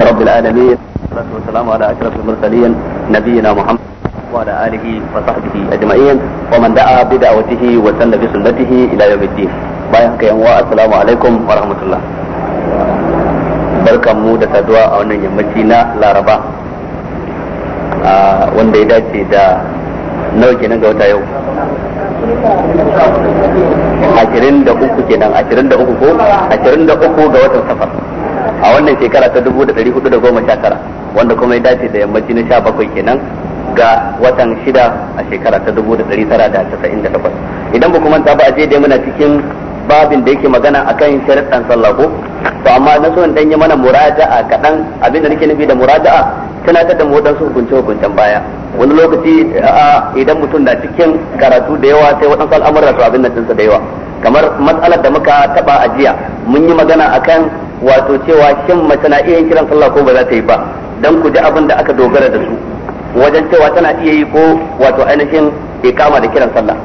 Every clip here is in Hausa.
رب العالمين والصلاه والسلام على اشرف المرسلين نبينا محمد وعلى اله وصحبه اجمعين ومن دعا بدعوته وسن بسنته الى يوم الدين بايعك يا السلام عليكم ورحمة الله barkan mu da saduwa a wannan yammaci na laraba wanda ya dace da nawa kenan ga wata yau ashirin da uku kenan ashirin da uku ko ashirin da uku ga watan safar a wannan shekara ta 1419 wanda kuma ya dace da yammaci na 17 kenan ga watan shida a shekara ta 1998 idan ba kuma ta ba a je da muna cikin babin da yake magana akan sharaɗan sallah ko to amma na so in yi mana muraja'a kaɗan abinda nake nufi da muraja'a ta da mu waɗansu hukunce hukuncen baya wani lokaci idan mutum na cikin karatu da yawa sai waɗansu al'amuran su abin nan da yawa kamar matsalar da muka taɓa a jiya mun yi magana akan wato cewa shin mace na iya yin kiran sallah ko ba za ta yi ba dan ku ji abin da aka dogara da su wajen cewa tana iya yi ko wato ainihin ikama da kiran sallah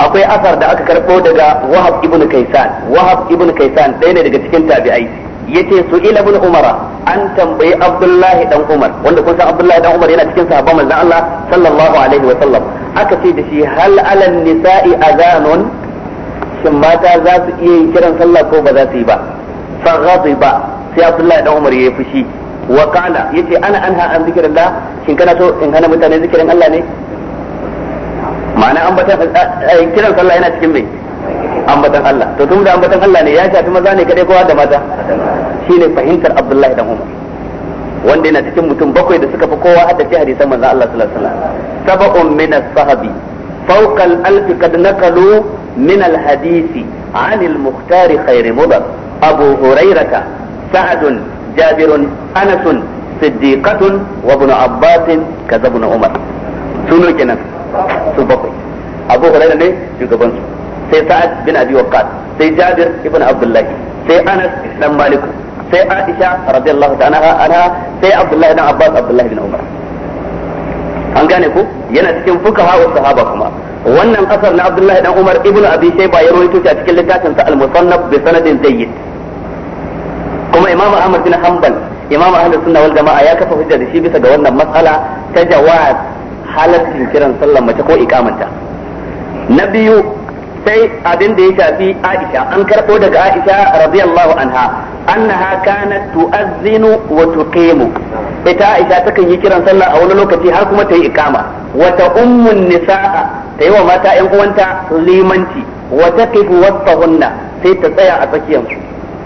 akwai asar da aka karbo daga wahab ibn kaisan wahab ibn kaisan ɗaya ne daga cikin tabi'ai yace su ila ibn umara an tambayi abdullahi dan umar wanda kun san abdullahi dan umar yana cikin sahabban manzon Allah sallallahu alaihi wa sallam aka ce da shi hal alan nisa'i adhanun shin mata za su iya yin kiran sallah ko ba za su yi ba faghadiba sai abdullahi dan umar yayi fushi wa kana yace ana anha an zikrillah shin kana so in hana mutane zikirin Allah ne ma'ana ambatan kiran sallah yana cikin mai ambatan Allah to tun da ambatan Allah ne ya shafi maza ne kadai kowa da mata shine fahimtar abdullahi dan umar wanda yana cikin mutum bakwai da suka fi kowa haddace hadisan manzo Allah sallallahu alaihi wasallam sab'un min as-sahabi fawqa al-alf qad naqalu min al-hadisi 'an al-mukhtar khair mudar abu hurairata sa'adun jabirun an gane ku yana cikin wa sahaba kuma wannan na abdullah ibn umar ibn abi shayba ya rawaito a cikin littafin sa al-musannaf bi sanadin jayyid kuma imamu ahmad bin hanbal imamu ahlus sunna wal jama'a ya kafa hujja da shi bisa ga wannan matsala ta jawaz halaccin kiran sallar mace ko ikamanta na biyu sai abin da ya shafi Aisha an karɓo daga Aisha radiyallahu anha annaha kanat tu'azzinu wa tuqimu ita Aisha takan yi kiran sallah a wani lokaci har kuma ta yi ikama wata ummun nisaa ta yi wa mata yan uwanta limanci wa taqifu wasfahunna sai ta tsaya a tsakiyarsu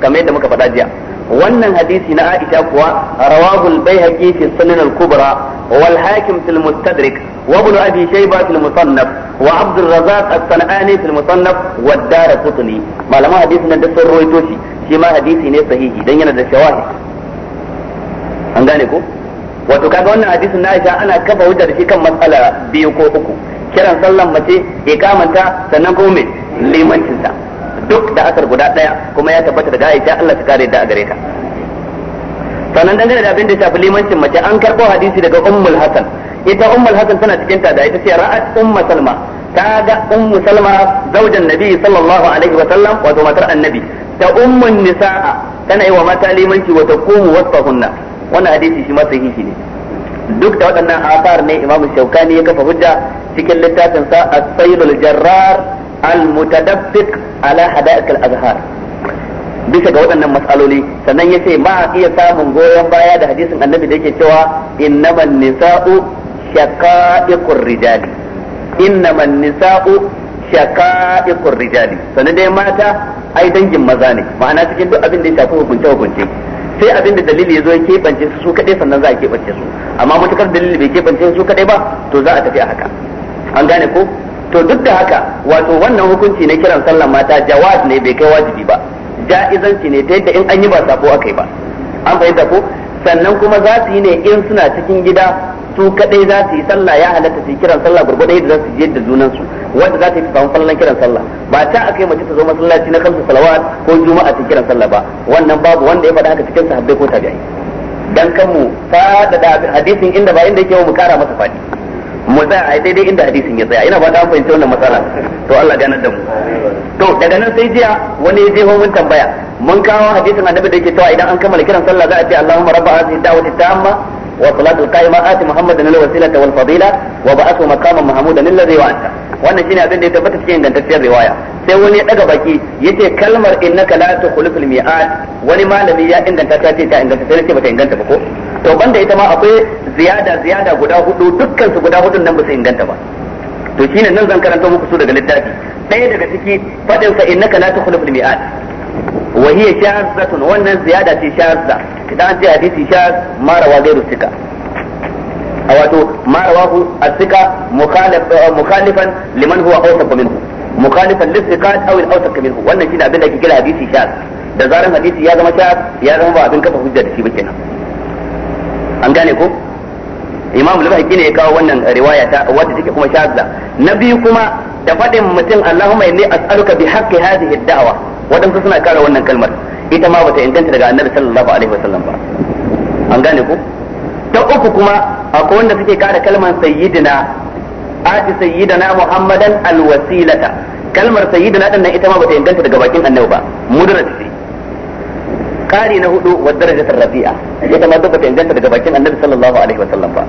kamar yadda muka faɗa jiya wannan hadisi na Aisha kuwa rawahu al-Baihaqi fi Sunan al-Kubra wal Hakim fi al-Mustadrak wa Ibn Abi Shayba fi al-Musannaf wa Abd al-Razzaq as-Sanani fi al-Musannaf wa Ad-Darqutni malaman hadisin nan da sun rawaito shi shi ma hadisi ne sahihi dan yana da shawahid an gane ko wato kaga wannan hadisin na Aisha ana kafa hujja da shi kan matsala biyu ko uku kiran sallan mace ikamanta sannan kuma me limancinta duk da asar guda daya kuma ya tabbata daga Aisha Allah ta kare da a gare ta sannan dangane da abin da shafi limancin mace an karbo hadisi daga ummul hasan ita ummul hasan tana cikin ta da ita ce ra'at umma salma ta ga ummu salma zaujan nabi sallallahu alaihi wa sallam wato matar annabi ta ummun nisaa tana yi wa mata limanci wa taqumu wasfahunna wannan hadisi shi ma sahihi ne duk da waɗannan asar ne Imam Shawkani ya kafa hujja cikin littafin sa As-Sayyidul Jarrar Al-Mutadaffiq ala hada'ikal azhar bisa ga waɗannan matsaloli sannan yace ma a iya samun goyon baya da hadisin annabi da yake cewa innaman nisa'u shaqa'iqur rijali innaman nisa'u shaqa'iqur rijali sannan dai mata ai dangin maza ne ma'ana cikin duk abin da ya shafi hukunce hukunce sai abin da dalili ya zo ya keɓance su kaɗai sannan za a keɓance su amma matukar dalili bai keɓance su kaɗai ba to za a tafi a haka an gane ko to duk da haka wato wannan hukunci na kiran sallar mata jawaz ne bai kai wajibi ba ja'izanci ne ta yadda in an yi ba sabo akai ba an fahimta ko sannan kuma za su yi ne in suna cikin gida su kadai za su yi sallah ya halatta su kiran sallah gurgurdai da za su je da junan su wanda za ta yi samu fallan kiran sallah ba ta yi mace ta zo masallaci na kamsu salawat ko juma'a ta kiran sallah ba wannan babu wanda ya faɗa haka cikin sahabbai ko tabi'ai dan kanmu faɗaɗa hadisin inda ba inda yake mu kara masa faɗi mu tsaya a daidai inda hadisin ya tsaya ina ba ta fahimci wannan matsala to Allah ganar da mu to daga nan sai jiya wani ya je homin tambaya mun kawo hadisin annabi da yake cewa idan an kammala kiran sallah za a ce Allahumma rabba hadhihi da'wati tamma wa salatu al-qa'ima ati muhammadan al-wasilata wal fadila wa ba'athu maqaman mahmudan alladhi wa'ata wannan shine abin da ya tabbata cikin ingantacciyar riwaya sai wani ya daga baki yace kalmar innaka la tukhlifu al-mi'ad wani malami ya inganta ta ce ta inganta sai ce bata inganta ba ko to banda ita ma akwai ziyada ziyada guda hudu dukkan su guda hudun nan ba su inganta ba to shine nan zan karanta muku su daga littafi ɗaya daga ciki fadin sa innaka la bil mi'ad wa hiya shazzatun wannan ziyada ce shazza idan an ce hadisi shaz marawa gairu sika a wato marawa hu asika eh, mukhalifan liman huwa awsaq minhu mukhalifan lis-sikat aw al-awsaq minhu wannan shine abin da ake kira hadisi shaz da zaran hadisi ya zama shaz ya zama ba abin kafa hujja da shi ba kenan an gane ko imam al-bahqi ne ya kawo wannan riwaya ta wadda take kuma shadda na biyu kuma da fadin mutum Allahumma inni as'aluka bi haqqi hadhihi ad-da'wa wadansu suna kara wannan kalmar ita ma bata inganta daga annabi sallallahu alaihi wasallam ba an gane ko ta uku kuma akwai wanda suke kara kalmar sayyidina ati sayyidina muhammadan alwasilata kalmar sayyidina din nan ita ma bata inganta daga bakin annabi ba mudarrati ƙari na hudu wa darajatul rafi'a ita ma tabbata inganta daga bakin annabi sallallahu alaihi wa sallam ba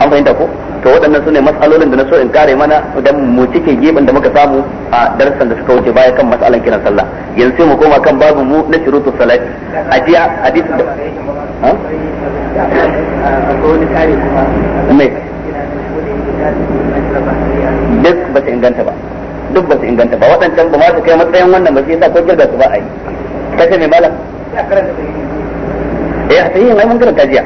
an fahimta ko to waɗannan sune matsalolin da na so in kare mana idan mu cike gefen da muka samu a darasan da suka wuce baya kan matsalan kiran sallah yanzu sai mu koma kan babu mu na shurutu salat ajiya hadisi da me duk ba su inganta ba duk ba su inganta ba waɗancan ba ma su kai matsayin wannan ba shi yasa ko kirga su ba a yi kace mai malam يا سيدي ما ممكن تجيء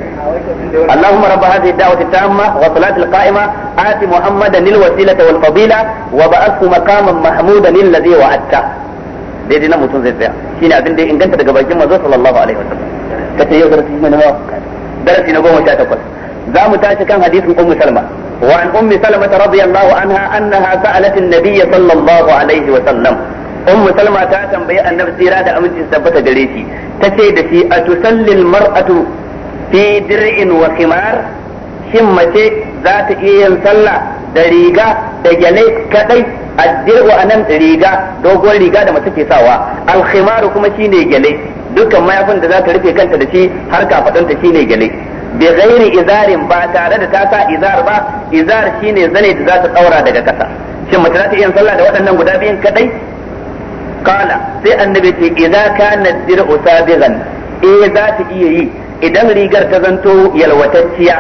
اللهم رب هذه الدعوة التامة والصلاة القائمة آت محمدا الوسيلة والفضيلة وبعثه مقاما محمودا الذي وعدته daidai na mutum zai tsaya shine abin da ya inganta daga bakin manzo sallallahu alaihi wasallam kace yau darasi na nawa darasi na goma sha takwas tashi kan hadisin ummu salma wa an ummi salma radiyallahu anha annaha sa'alat an-nabiy sallallahu alaihi ummu ta tambayi annabi tsira da aminci tabbata gare Ta tace da shi atusalli almar'atu fi dir'in wa khimar shin mace za ta iya yin sallah da riga da gyale kadai a nan riga dogon riga da mace ke sawa alkhimaru kuma shine gyale dukkan mayafin da za ta rufe kanta da shi har kafadanta shine gyale bi ghairi izarin ba tare da ta sa izar ba izar shine zane da za ta daura daga kasa shin mace za ta iya yin sallah da waɗannan guda biyun kadai qala sai annabi ce idza kana dir'u sabigan eh za iya yi idan rigar ta zanto yalwatacciya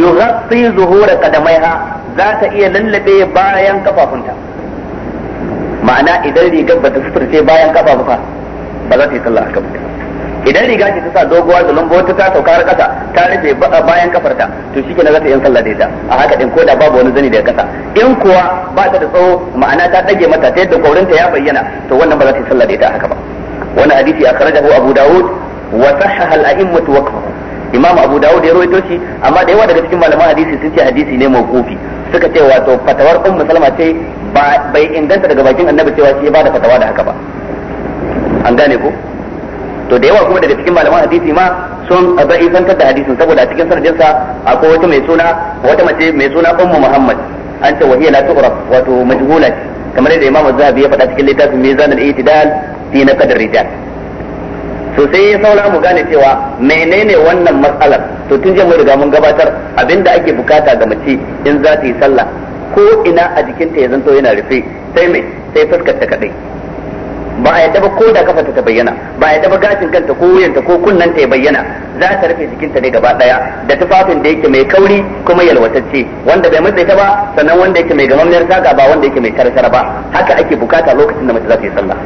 yughatti zuhura qadamaiha za ta iya lallabe bayan kafafunta ma'ana idan rigar bata suturce bayan ba za ta yi idan riga ce ta sa doguwa da lambo ta ta sauka har kasa ta rufe bayan kafarta to shi kenan za ta yi sallah da ita a haka din ko da babu wani zani daga kasa in kuwa ba ta da tsawo ma'ana ta dage mata ta yadda kaurinta ya bayyana to wannan ba za ta yi sallah da ita haka ba wannan hadisi ko abu daud wa sahaha al-a'immatu imam abu daud ya rawaito shi amma da yawa daga cikin malaman hadisi sun ce hadisi ne mawqufi suka ce wato fatawar ummu salama ce bai inganta daga bakin annabi cewa shi ya bada fatawa da haka ba an gane ko to da yawa kuma daga cikin malaman hadisi ma sun da'ifantar da hadisin saboda a cikin sanadin sa akwai wata mai suna wata mace mai suna ummu muhammad an ta wahiya la tuqrab wato majhula kamar yadda imam az-zahabi ya faɗa cikin littafin mizan al-i'tidal fi naqd ar-rijal to sai ya saula mu gane cewa menene wannan matsalar to tun jiya mun riga mun gabatar abinda ake bukata ga mace in za ta yi sallah ko ina a jikinta ya zanto yana rufe sai mai sai fuskar ta kadai ba a yadda ba ko da kafarta ta bayyana ba a yadda ba gashin kanta ko wuyanta ko kunnanta ya bayyana za ta rufe jikinta ne gaba daya da tufafin da yake mai kauri kuma yalwatacce wanda bai mutsa ta ba sannan wanda yake mai gamammiyar saga ba wanda yake mai karsara ba haka ake bukata lokacin da mace za ta yi sallah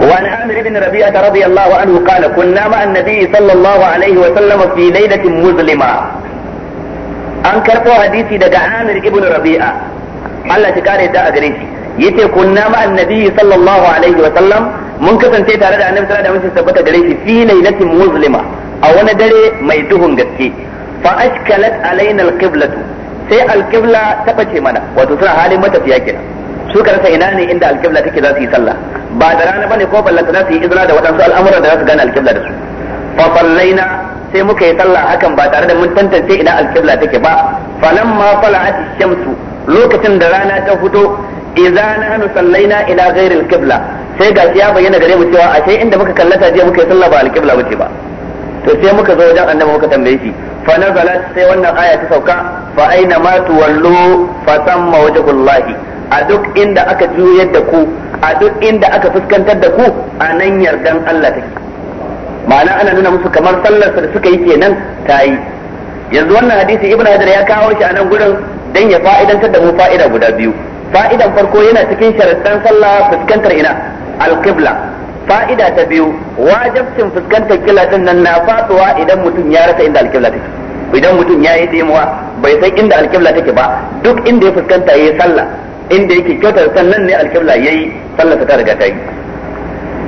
وعن عامر بن ربيعة رضي الله عنه قال كنا مع النبي صلى الله عليه وسلم في ليلة مظلمة أنكر حديثي دقى عامر بن ربيعة الله تكاري دا shi. yace kunna ma annabi sallallahu alaihi wa sallam mun kasance tare da annabi sallallahu alaihi wa sallam tabbata gare shi fi lailatin muzlima a wani dare mai duhun gaske fa ashkalat alaina alqiblatu sai alqibla ta bace mana wato suna halin matafiya kenan su rasa ina ne inda alqibla take za su yi sallah ba da rana bane ko ballanta za su yi izra da waɗansu al'amuran da za su gane alqibla da su fa sallaina sai muka yi sallah hakan ba tare da mun tantance ina alqibla take ba falamma fala'at shamsu lokacin da rana ta fito Iza na nahnu sallaina na ina al-qibla sai ga ya bayyana gare mu cewa ashe inda muka kallata je muka yi sallah ba al-qibla bace ba to sai muka zo wajen annabi muka tambaye shi fa nazalat sai wannan aya ta sauka fa aina ma tuwallu fa thamma wajhullahi a duk inda aka juyar da ku a duk inda aka fuskantar da ku a nan yardan Allah take ma'ana ana nuna musu kamar sallar da suka yi kenan ta yi yanzu wannan hadisi ibnu hajar ya kawo shi a nan gurin dan ya fa'idantar da mu fa'ida guda biyu fa'idan farko yana cikin sharaddan sallah fuskantar ina alqibla fa'ida ta biyu wajibcin fuskantar kila din nan na faduwa idan mutum ya rasa inda alqibla take idan mutum ya yi dimuwa bai san inda alqibla take ba duk inda ya fuskanta yayi sallah inda yake kyautar sannan ne alqibla yayi sallah ta riga ta yi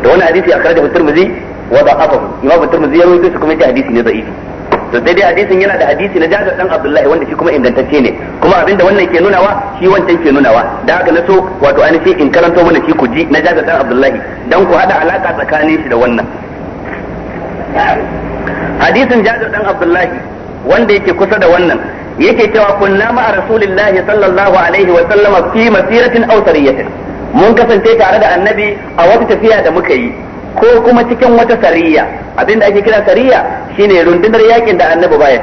da wani hadisi akhrajahu tirmidhi wa da'afahu imam tirmidhi ya rawaito shi kuma ya hadisi ne da'ifi to sai dai hadisin yana da hadisi na Jabir dan Abdullahi wanda shi kuma ingantacce ne kuma abinda wannan ke nunawa shi wancan ke nunawa da haka na so wato ainihin in karanto mana shi ku ji na Jabir dan Abdullahi dan ku hada alaka tsakanin shi da wannan hadisin Jabir dan Abdullahi wanda yake kusa da wannan yake cewa kunna ma'a rasulillahi sallallahu alaihi wa sallama fi masiratin aw sariyatin mun kasance tare da annabi a wata tafiya da muka yi ko kuma cikin wata sariya abinda ake kira sariya shine rundunar yakin da annabi baya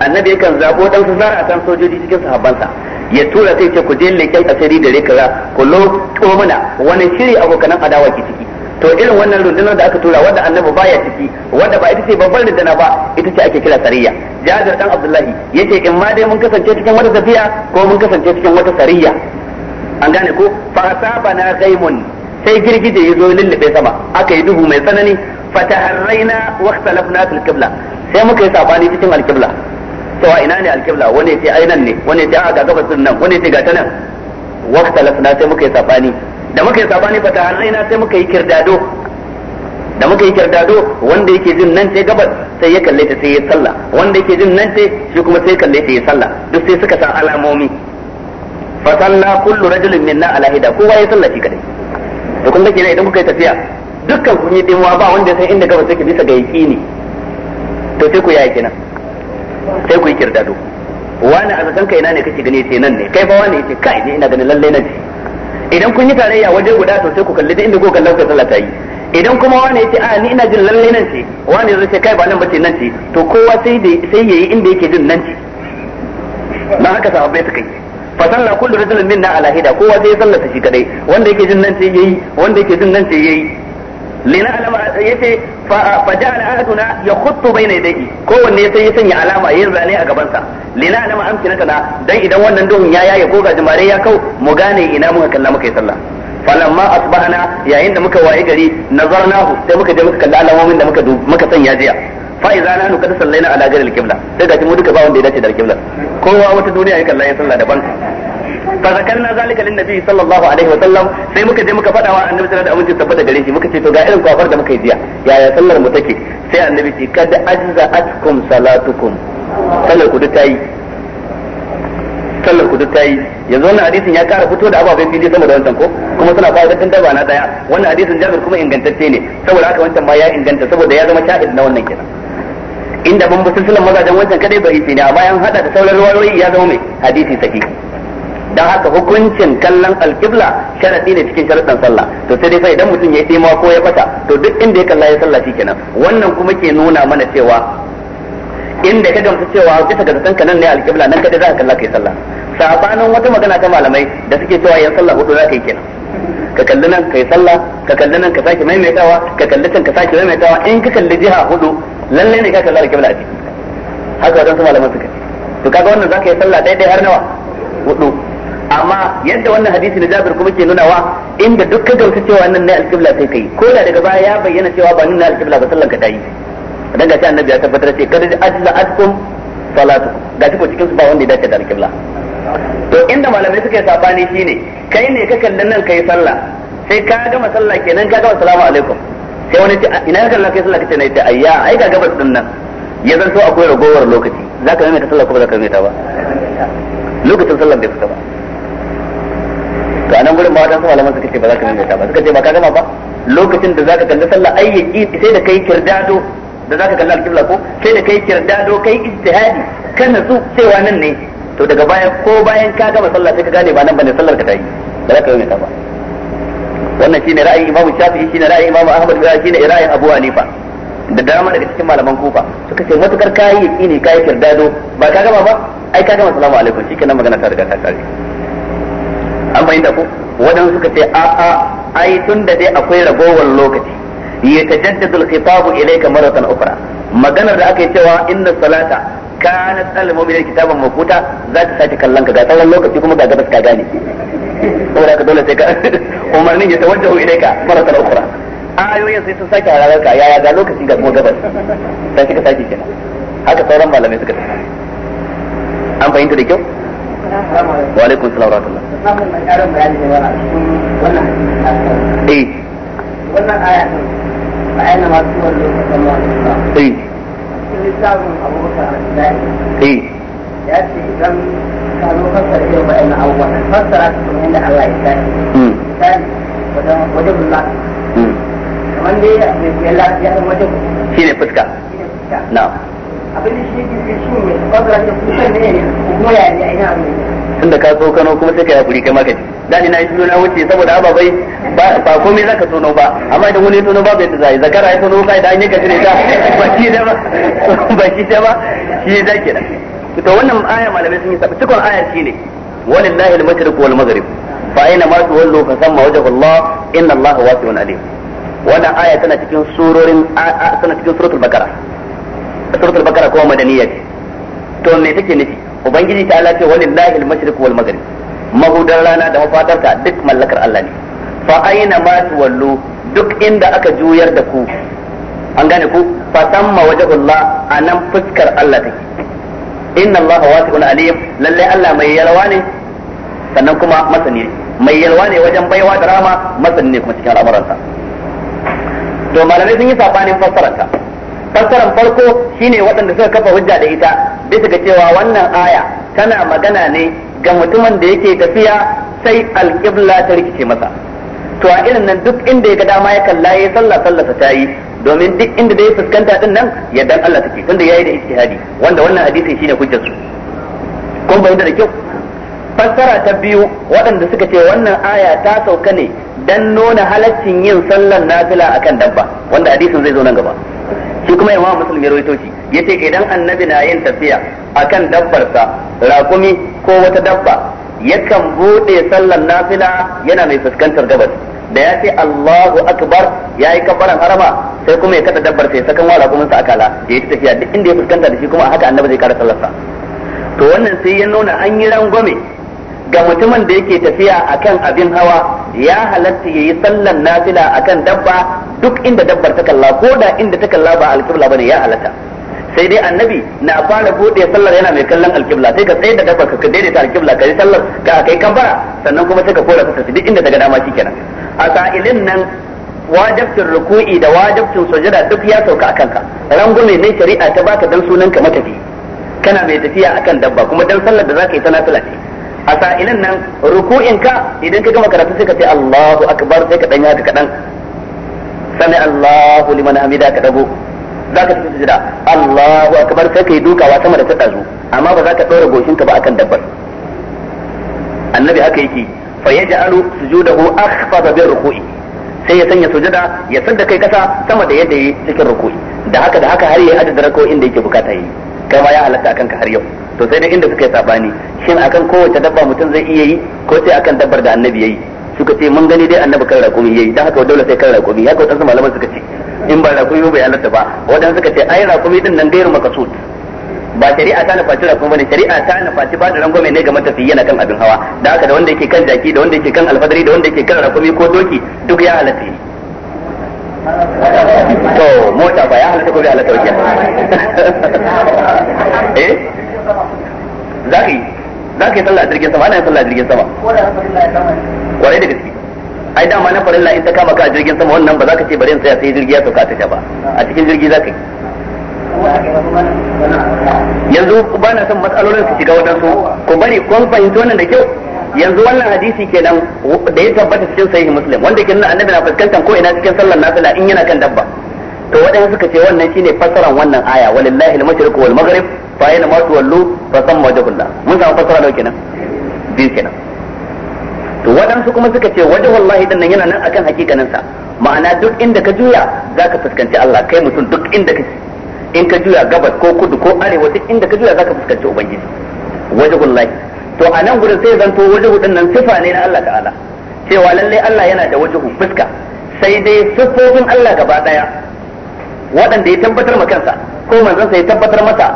annabi yakan zabo dan su zara san sojoji cikin sahabbansa ya tura sai ce ku je lekin asiri da rikaza ku loto mana wani shiri abokanan adawa ke ciki to irin wannan rundunar da aka tura wanda annabi baya ciki wanda ba ita ce babbar rundunar ba ita ce ake kira sariya jabir dan abdullahi yace in ma dai mun kasance cikin wata tafiya ko mun kasance cikin wata sariya an gane ko fa asabana ghaimun sai girgije ya zo lullube sama aka yi duhu mai tsanani fataharraina waqtalafna fil qibla sai muka yi sabani cikin alqibla cewa ina ne alqibla wani ce ai nan ne wani ce a ga gabas nan wani ce ga ta nan waqtalafna sai muka yi sabani da muka yi sabani fataharraina sai muka yi kirdado da muka yi kirdado wanda yake jin nan sai gabas sai ya kalle ta sai ya sallah wanda yake jin nan sai shi kuma sai kalle ta ya sallah duk sai suka san alamomi fa salla kullu rajulin minna ala hida kowa ya sallaci kadai da kun kenan idan kuka yi tafiya dukkan kun yi dimuwa ba wanda ya san inda gaba take bisa ga ne to sai ku yaki nan sai ku yi kirdado wani a zaton kaina ne kake gani ce nan ne kai ba wani yace kai ne ina ganin lalle nan ce idan kun yi tarayya waje guda to sai ku kalli duk inda ku kallon ka sallah ta yi idan kuma wani yace a ni ina jin lalle nan ce wani zai ce kai ba nan bace nan ce to kowa sai sai yayi inda yake jin nan ce dan haka sahabbai suka yi fa salla kullu rajulin minna ala hida kowa sai ya sallata shi kadai wanda yake jin nan sai yayi wanda yake jin nan sai yayi lina alama yace fa fa ja'ala ahaduna yakhuttu bayna yadayhi kowanne sai ya sanya alama yin zane a gaban sa lina alama amkinata na dan idan wannan duhun ya yaye ko jimare ya kau mu gane ina muka kalla muka yi sallah falamma asbahana yayin da muka waye gari nazarnahu sai muka je muka kalla alamomin da muka muka sanya jiya fa idza nahnu qad sallaina ala gari al-qibla sai gaji mu duka ba wanda ya dace da al-qibla kowa wata duniya ya kalla ya sallah daban fa zakarna zalika lin nabi sallallahu alaihi wa sallam sai muka je muka fada wa annabi sallallahu alaihi sallam tabbata gare shi muka ce to ga irin kwafar da muka yi jiya yaya sallar mu take sai annabi ce kad atkum salatukum sallar ku duk tayi sallar ku duk tayi yanzu wannan hadisin ya kara fito da ababen bidi sama da wancan ko kuma suna fara dadin daba na daya wannan hadisin Jabir kuma ingantacce ne saboda haka wancan ma ya inganta saboda ya zama shahid na wannan kenan inda ban bu silsilar mazajen wancan kadai bai isi ne a an hada da sauran ruwayoyi ya zama mai hadisi saki. dan haka hukuncin kallon alkibla sharadi ne cikin sharadin sallah to sai dai fa idan mutum ya yi ma ko ya fata to duk inda ya kalla ya sallah kenan wannan kuma ke nuna mana cewa inda ka gamsu cewa bisa ga zaton nan ne alkibla nan kadai za ka kalla kai sallah sabanin wata magana ta malamai da suke cewa yan sallah hudu za ka yi kenan ka kalli nan kai sallah ka kalli nan ka sake maimaitawa ka kalli can ka sake maimaitawa in ka kalli jiha hudu lalle ne ka kalli alƙibla a ciki haka wajen su malaman suka to kaga wannan zaka yi sallah daidai har nawa hudu amma yadda wannan hadisi na Jabir kuma ke nuna wa? inda duk ka gamsu cewa nan ne al alƙibla sai kai ko da daga baya ya bayyana cewa ba nan ne alƙibla ba sallan ka ta yi dan ga annabi ya tabbatar ce kada ajla atkum salatu ga ko cikin su ba wanda ya dace da alƙibla to inda malamai suka yi sabani shine kai ne ka kalli nan kai sallah sai ka gama sallah kenan ka gama salamu alaikum sai wani ce ina ka kalla kai sallah kace na ta ayya ai ga gabas din nan ya zan so akwai ragowar lokaci zaka nuna ka sallah ko ba zaka nuna ta ba lokacin sallah bai fita ba to gurin ba dan malaman suka ce ba zaka nuna ta ba suka ce ba ka gama ba lokacin da zaka kalli sallah ai ya sai da kai kirdado da zaka kalli alƙibla ko sai da kai kirdado kai ijtihadi kana su cewa nan ne to daga baya ko bayan ka gama sallah sai ka gane ba nan bane sallar ka ta yi ba zaka nuna ta ba wannan shine ra'ayin Imam Shafi'i shine ra'ayin Imam Ahmad bin shine ra'ayin Abu Hanifa da dama daga cikin malaman Kufa suka ce matukar kai ne kai kirdado ba ka gama ba ai ka gama assalamu alaikum shikenan magana ta riga ta kare an bayyana ko wadan suka ce a a ai tun dai akwai ragowar lokaci ya tajaddadu al-khitab ilayka maratan ukhra maganar da aka yi cewa inna salata kanat al-mu'minina kitaban mabuta za ta sake kallon ka ga tsawon lokaci kuma ga gabas ka gane saboda ka dole sai ka umarnin ya tawajjahu ilaika maratan ukhra ayoyin sai sun sake ka yaya ga lokaci ga kuma gabas sai kika sake kenan haka sauran malamai suka an fahimta da kyau wa alaikum salam wa rahmatullah eh. wannan aya bayan masu wannan lokacin eh eh ya ce idan ka zo fassara irin wa'annan abubuwan fassara su kuma yadda Allah ya tashi hmm. misali wajen wajen bulla hmm. kamar dai ya lafiya ɗan wajen shi ne fuska na abin da shi ne shi ne fassara ta fuskar ne ne kuma ya ne ainihin abin da ka so kano kuma sai ka hakuri kai maka dani na yi na wuce saboda ababai ba komai zaka tono ba amma idan wani tono ba bai da zai zakara ya tono ka idan an yi ka cire ta ba shi da ba ba shi da ba shi da kenan to wannan aya malamai sun yi sabu cikon aya shi ne walillahi al-mashriq wal maghrib fa aina ma tuwallu fa samma wajhu Allah inna Allah wasi'un alim wannan aya tana cikin surorin tana cikin suratul bakara suratul bakara ko madaniyya ce to me take nufi ubangiji ta Allah ce walillahi al-mashriq wal maghrib mahudar rana da mafadarta duk mallakar Allah ne fa aina ma tuwallu duk inda aka juyar da ku an gane ku fa samma wajhu Allah anan fuskar Allah take inna allaha wasi'un alim lalle Allah mai yalwa ne sannan kuma masani mai yalwa ne wajen baiwa da rama masani ne kuma cikin al'amuransa to malamai sun yi sabanin fassararta fassarar farko shine waɗanda suka kafa hujja da ita bisa ga cewa wannan aya tana magana ne ga mutumin da yake tafiya sai alƙibla ta rikice masa to a irin nan duk inda ya ga dama ya kalla ya sallah sallah ta yi domin duk inda da ya fuskanta din nan yaddan Allah take tunda yayi da ijtihadi wanda wannan hadisin shine hujjar su kun bayyana da kyau fassara ta biyu waɗanda suka ce wannan aya ta sauka ne dan nuna halaccin yin sallar nafila akan dabba wanda hadisin zai zo nan gaba shi kuma imamu muslim ya rawaito shi yace idan annabi na yin tafiya akan dabbarsa raƙumi ko wata dabba yakan bude sallar nafila yana mai fuskantar gabas da ya ce Allahu akbar yayi kafaran harama sai kuma ya kada dabbar sai sakan wala kuma sa akala ya yi tafiya duk inda ya fuskanta da shi kuma a haka annabi zai kara sallarsa to wannan sai ya nuna an yi rangwame ga mutumin da yake tafiya akan abin hawa ya halatta yayi sallan nafila akan dabba duk inda dabbar ta kalla ko da inda ta kalla ba alkibla bane ya halatta sai dai annabi na fara bude sallar yana mai kallon alkibla sai ka tsaye da dabbar ka daidaita alkibla ka yi sallar ka kai kambara sannan kuma sai ka kora ka duk inda daga dama shikenan a sa'ilin nan Wajabcin ruku'i da wajibcin sujada duk ya sauka akan ka rangume ne shari'a ta baka dan sunan ka matafi kana mai tafiya akan dabba kuma dan sallar da zaka yi ta nafila ce a sa'ilin nan ruku'in ka idan ka gama karatu sai ka ce Allahu akbar sai ka dan haka kadan sami Allahu liman hamida ka dago za ka tafi sujada Allahu akbar sai ka yi dukawa sama da ta dazu amma ba za ka ɗora goshin ka ba akan dabbar annabi haka yake fa yaj'alu sujudahu akhfada bi ruku'i sai ya sanya sujada ya sanda kai kasa sama da yadda yi cikin ruku'i da haka da haka har yi adadin rako'in da yake bukata yi kai ma ya halatta akan ka har yau to sai dai inda suka yi sabani shin akan kowace dabba mutum zai iya yi ko sai akan dabbar da annabi yayi suka ce mun gani dai annabi kan rakumi yayi dan haka dole sai kan rakumi haka wadansu malaman suka ce in ba rakumi bai halatta ba wadansu suka ce ai rakumi din nan gairu makasud ba shari'a ta nufaci rafin bane shari'a ta nufaci ba da rangwame ne ga matafiya na kan abin hawa da haka da wanda yake kan jaki da wanda yake kan alfadari da wanda yake kan rafumi ko doki duk ya halatta ne to mota ba ya halatta ko bai halatta wajen eh za ka yi za sallah a jirgin sama ana yin sallah a jirgin sama kwarai da gaske ai dama na farin la'in ta kama ka a jirgin sama wannan ba za ka ce bari in tsaya sai jirgi ya sauka ta ba a cikin jirgi za ka yi yanzu ba na son matsalolin su shiga waɗansu ku bari kun fahimci wannan da kyau yanzu wannan hadisi kenan da ya tabbata cikin sahihi muslim wanda ke nuna annabi na fuskantar ko ina cikin sallar nafila in yana kan dabba to waɗansu suka ce wannan shine fasaran wannan aya walillahi al-mashriq wal maghrib fa yana ma tuwallu fa samma wajhullah mun san fassara da kenan biyu kenan to waɗansu kuma suka ce wajhullahi din nan yana nan akan hakikanin sa ma'ana duk inda ka juya zaka fuskanci Allah kai mutum duk inda kake in ka juya gabas ko kudu ko arewa duk inda ka juya zaka fuskanci ubangiji wajhullahi to a nan gurin sai zanto waje din nan sifa ne na Allah ta'ala cewa lalle Allah yana da wajhu fuska sai dai sifofin Allah gaba daya waɗanda ya tabbatar ma kansa ko manzon sai ya tabbatar masa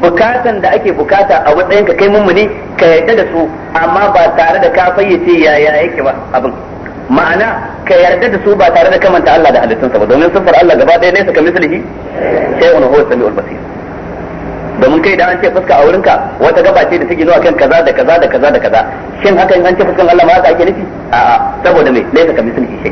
bukatan da ake bukata a matsayin ka kai mummuni ka yarda da su amma ba tare da ka fayyace yaya yake ba abin ma'ana ka yarda da su ba tare da kamanta Allah da halittunsa ba domin sufar Allah gaba ɗaya nesa ka mislihi sai wani huwa sami basir domin kai da an ce fuska a wurinka wata gaba ce da take zuwa kan kaza da kaza da kaza da kaza shin hakan an ce fuskan Allah ma haka ake nufi a'a saboda me nesa ka mislihi shi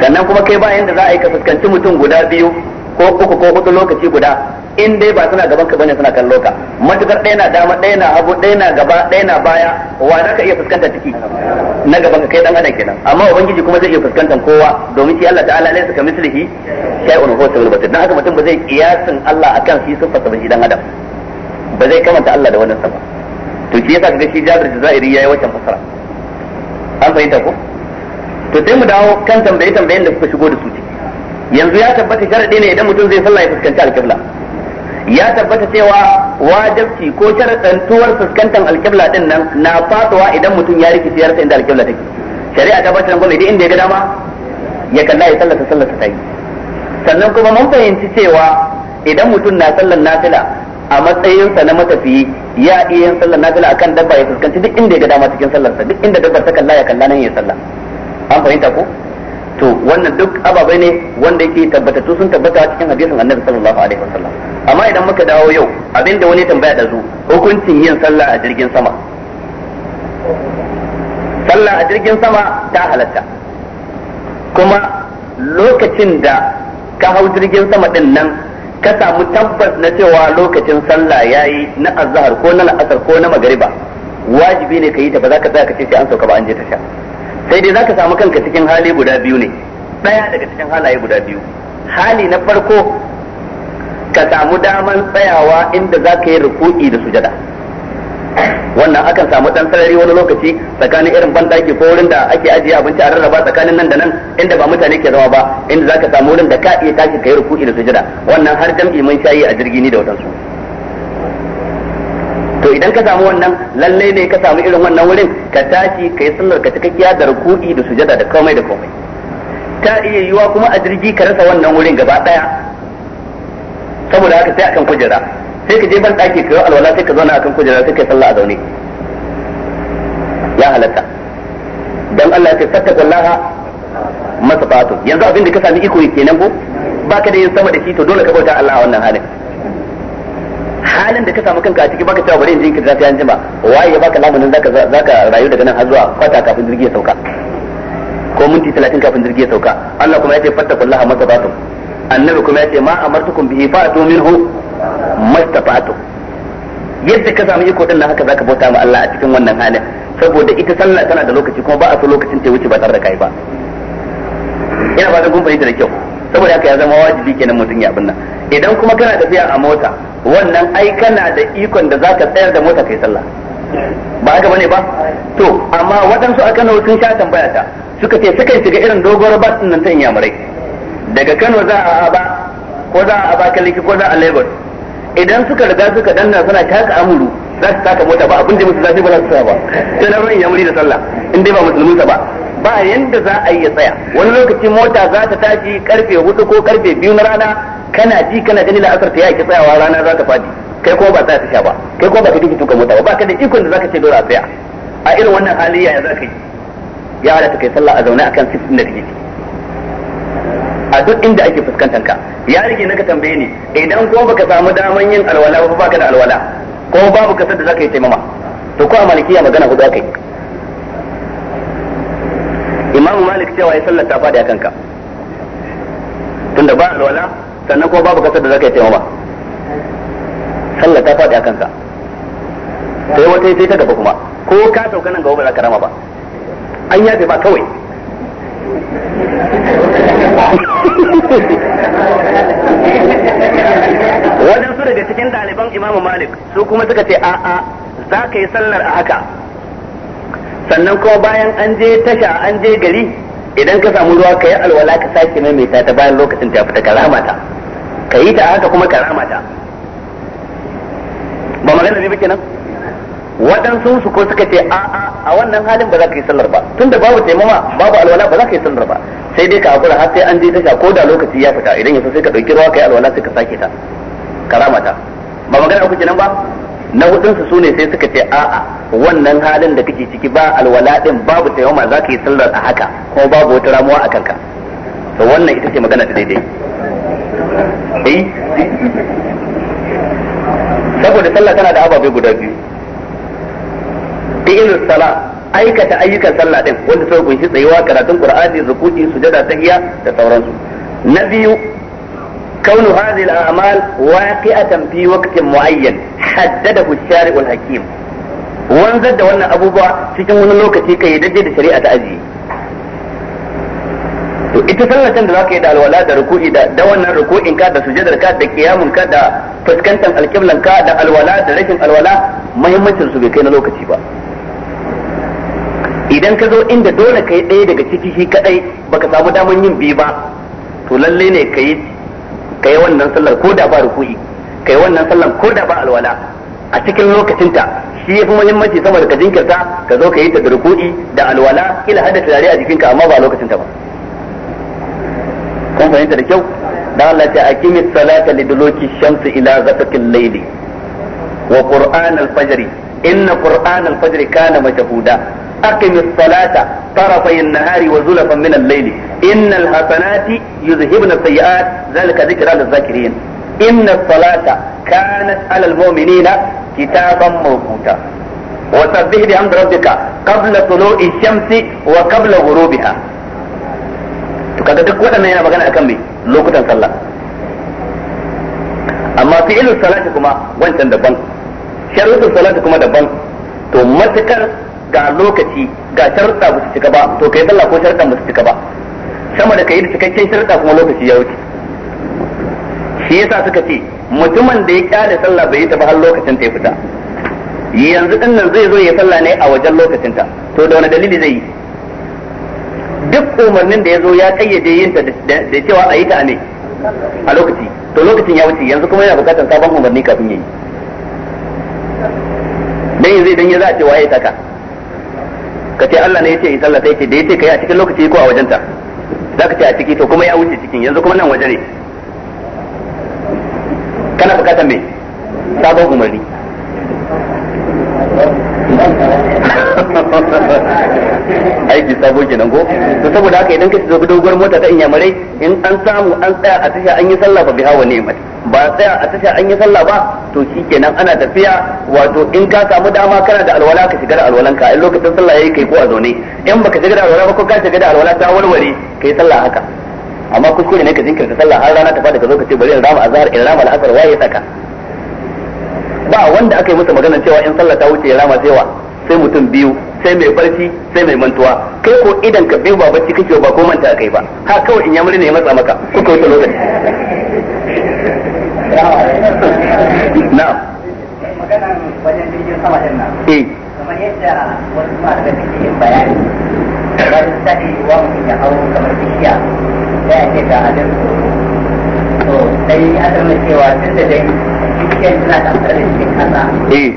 sannan kuma kai bayan da za a yi ka fuskanci mutum guda biyu ko uku ko hudu lokaci guda in dai ba suna gaban ka bane suna kan loka matukar ɗaya na dama ɗaya na hagu ɗaya na gaba ɗaya na baya wa za ka iya fuskantar ciki na gaban ka kai dan adam kenan amma ubangiji kuma zai iya fuskantar kowa domin shi Allah ta'ala laysa kamithlihi shay'un huwa samiul basir dan haka mutum ba zai kiyasin Allah akan shi sun fasa shi dan adam ba zai kamanta Allah da wannan sama to shi yasa kaga shi Jabir Jazairi yayi wancan fasara an fahimta ko to sai mu dawo kan tambaye tambayen da suka shigo da su ciki yanzu ya tabbata sharadi ne idan mutum zai sallah ya fuskanci alƙibla ya tabbata cewa wajabci ko sharadantuwar fuskantar alƙibla din nan na fasowa idan mutum ya rikice ya rasa inda alƙibla take shari'a ta bata gwamnati duk inda ya ga dama ya kalla ya sallata sallata ta yi sannan kuma mun fahimci cewa idan mutum na sallar nafila a matsayinsa na matafiyi ya iya yin sallar nafila akan dabba ya fuskanci duk inda ya ga dama cikin sallarsa duk inda dabbar ta kalla ya kalla nan ya sallah an fahimta ko to wannan duk ababai ne wanda yake tabbatattu sun tabbata cikin hadisin annabi sallallahu alaihi wasallam amma idan muka dawo yau abinda wani tambaya da zu hukuncin yin sallah a jirgin sama sallah a jirgin sama ta halatta kuma lokacin da ka hau jirgin sama din nan ka samu tabbas na cewa lokacin sallah yayi na azhar ko na la'asar ko na magariba wajibi ne ka yi ta ba za ka tsaya ka ce sai an sauka ba an je ta sha sai dai zaka samu kanka cikin hali guda biyu ne daya daga cikin halaye guda biyu hali na farko ka samu daman tsayawa inda zaka yi ruku'i da sujada wannan akan samu dan sarari wani lokaci tsakanin irin bandaki ko wurin da ake ajiye abinci a rarraba tsakanin nan da nan inda ba mutane ke zama ba inda zaka samu wurin da ka iya tashi kai ruku'i da sujada wannan har jam'i mun shayi a jirgi ni da wadansu to idan ka samu wannan lalle ne ka samu irin wannan wurin ka tashi ka yi sallar ka cikakkiya da ruku'i da sujada da komai da komai ta iya yiwa kuma a jirgi ka rasa wannan wurin gaba daya saboda haka sai akan kujera sai ka je ban daki ka yi alwala sai ka zauna akan kujera sai ka yi sallah a zaune ya halatta dan Allah ya ce masa masata'tum yanzu abin da ka sami iko kenan ko baka da yin sama da shi to dole ka bauta Allah a wannan halin halin da ka samu kanka a ciki baka cewa bari in je ka zafi an jima waye ya baka lamunin zaka zaka rayu daga nan har zuwa kwata kafin jirgi ya sauka ko minti 30 kafin jirgi ya sauka Allah kuma ya ce fattakullaha masabatu annabi kuma ya ce ma amartukum bihi fa'atu minhu mastafatu yadda ka samu iko din nan haka zaka bauta ma Allah a cikin wannan halin saboda ita sallah tana da lokaci kuma ba a so lokacin ta wuce ba tare da kai ba ina ba da gumbari da kyau saboda haka ya zama wajibi kenan mutum ya abin nan idan kuma kana tafiya a mota wannan ai kana da ikon da zaka tsayar da mota kai sallah ba haka bane ba to amma waɗansu a Kano sun sha tambaya ta suka ce suka shiga irin dogon bas din nan ta inyamurai daga Kano za a aba ko za a aba kaliki ko za a Lagos idan suka riga suka danna suna taka amuru za su taka mota ba abin da musu zafi ba za su ba sai na ruwan inyamuri da sallah in dai ba musulmi ba ba yanda za a yi ya tsaya wani lokaci mota za ta tashi karfe hudu ko karfe biyu na rana kana ji kana gani la'asar ta yaki tsayawa rana za ta fadi kai ko ba za ta sha ba kai ko ba ka duki tuka mota ba ka da ikon da ka ce dora tsaya a irin wannan hali yaya za ka yi ya ta kai sallah a zaune akan sifin da kake a duk inda ake fuskantar ka ya na naka tambaye ni idan ko baka samu daman yin alwala ba baka da alwala ko babu kasar da ka yi taimama to ko a malikiya magana hudu aka yi imamu malik cewa ya sallar ta fadi a kanka tunda ba lola sannan kuma babu kasar da zaka yi taimama sallar ta fadi a kanka sai wata sai ta gaba kuma ko ka sauka nan gaba ba za ka rama ba an yafe ba kawai su daga cikin ɗaliban imamu malik su kuma suka ce a'a za ka yi sallar a haka sannan kuma bayan an je tasha an je gari idan ka samu ruwa ka yi alwala ka sake maimaita ta bayan lokacin ta fita karama ta ka yi ta haka kuma karama ta ba magana ne ba kenan waɗansu su ko suka ce a a a wannan halin ba za ka yi sallar ba tunda babu taimama babu alwala ba za ka yi sallar ba sai dai ka hakura har sai an je tasha ko da lokaci ya fita idan yaso sai ka ɗauki ruwa ka yi alwala sai ka sake ta karama ta ba magana ku kenan ba na hudunsu su ne sai suka ce a'a wannan halin da kake ciki ba alwala din babu tayammuma za ka yi sallar a haka kuma babu wata ramuwa a kanka to wannan ita ce magana ta daidai eh saboda sallah tana da ababe guda biyu fi'ilus sala aikata ayyukan sallah din wanda suka kunshi tsayuwa karatun qur'ani rukuki sujada tahiyya da sauransu na biyu كون هذه الأعمال واقعة في وقت haddada حدده الشارع الحكيم wanzar da wannan abubuwa cikin wani lokaci ka yi daidai da shari'a ta aji to ita sallacin da za ka yi da alwala da ruku'i da da wannan ruku'in da sujadar da kiyamun da fuskantar alƙiblan ka da alwala da rashin alwala muhimmancin su bai kai na lokaci ba idan ka zo inda dole ka yi ɗaya daga ciki shi kadai baka samu damar yin biyu ba to lallai ne ka yi yi wannan sallar ko da ba ruku'i kai wannan sallar ko da ba alwala a cikin lokacinta shi yafi muhimmanci sama da ka jinkirta ka zo ka yi ta da ruku'i da alwala kila hada turare a jikinka amma ba lokacinta ba kun fahimta da kyau dan Allah ta aqimi salata liduluki shamsi ila ghasaqil laili wa qur'an al inna qur'an al-fajr kana mashhuda aqimi salata tarafay an-nahari wa zulfan min al innal hasanati yuzhibna sayiat zalika da lil zakirin inna salata kanat alal mu'minina kitaban mawquta wa sabbih bi hamdi rabbika qabla shamsi wa kaga duk waɗannan yana magana akan me lokutan sallah amma fi'ilus salati kuma wancan daban sharuɗin salati kuma daban to matukar ga lokaci ga sharuɗa ba su cika ba to kai sallah ko sharuɗan ba su cika ba sama da kai da cikakken shirka kuma lokaci ya wuce shi yasa suka ce mutumin da ya kyale sallah bai yi ta ba har lokacin ta ya fita yanzu din nan zai zo ya sallah ne a wajen lokacin ta to da wani dalili zai yi duk umarnin da ya zo ya kayyade yin ta da cewa a yi ta ne a lokaci to lokacin ya wuce yanzu kuma yana bukatar sabon umarni kafin yayi dan yanzu idan ya za a ce waye ta ka ce Allah ne ya ce yi sallah sai ce da ya ce kai a cikin lokaci ko a wajen ta za ka ce a ciki to kuma ya wuce cikin yanzu kuma nan waje ne kana bukatar me sabon umarni aiki sabo kenan ko to saboda haka idan ka ci zabi doguwar mota ta marai in an samu an tsaya a tasha an yi sallah fa biha wa ni'mat ba tsaya a tasha an yi sallah ba to shikenan ana tafiya wato in ka samu dama kana da alwala ka shiga da alwalan ka in lokacin sallah yayi kai ko a zaune in baka shiga da alwala ba ko ka shiga da alwala ta warware kai sallah haka amma kuskure ne ka jinkirta sallah har rana ta fada ka zo ka ce bari in rama azhar in rama al'asar waye saka ba wanda aka yi masa magana cewa in sallah ta wuce ya rama sai wa sai mutum biyu sai mai barci sai mai mantuwa kai ko idan ka biyu ba barci kake ba ko manta kai ba ha kawai in yamuri ne ya matsa maka kuka wuce lokaci na'am magana wajen jirgin sama din nan eh kamar yadda wasu ma daga cikin bayani ba su sadi wa mutum ya hau kamar bishiya sai a ce ga abin to sai ya zama cewa tun da dai bishiyan tana da cikin kasa eh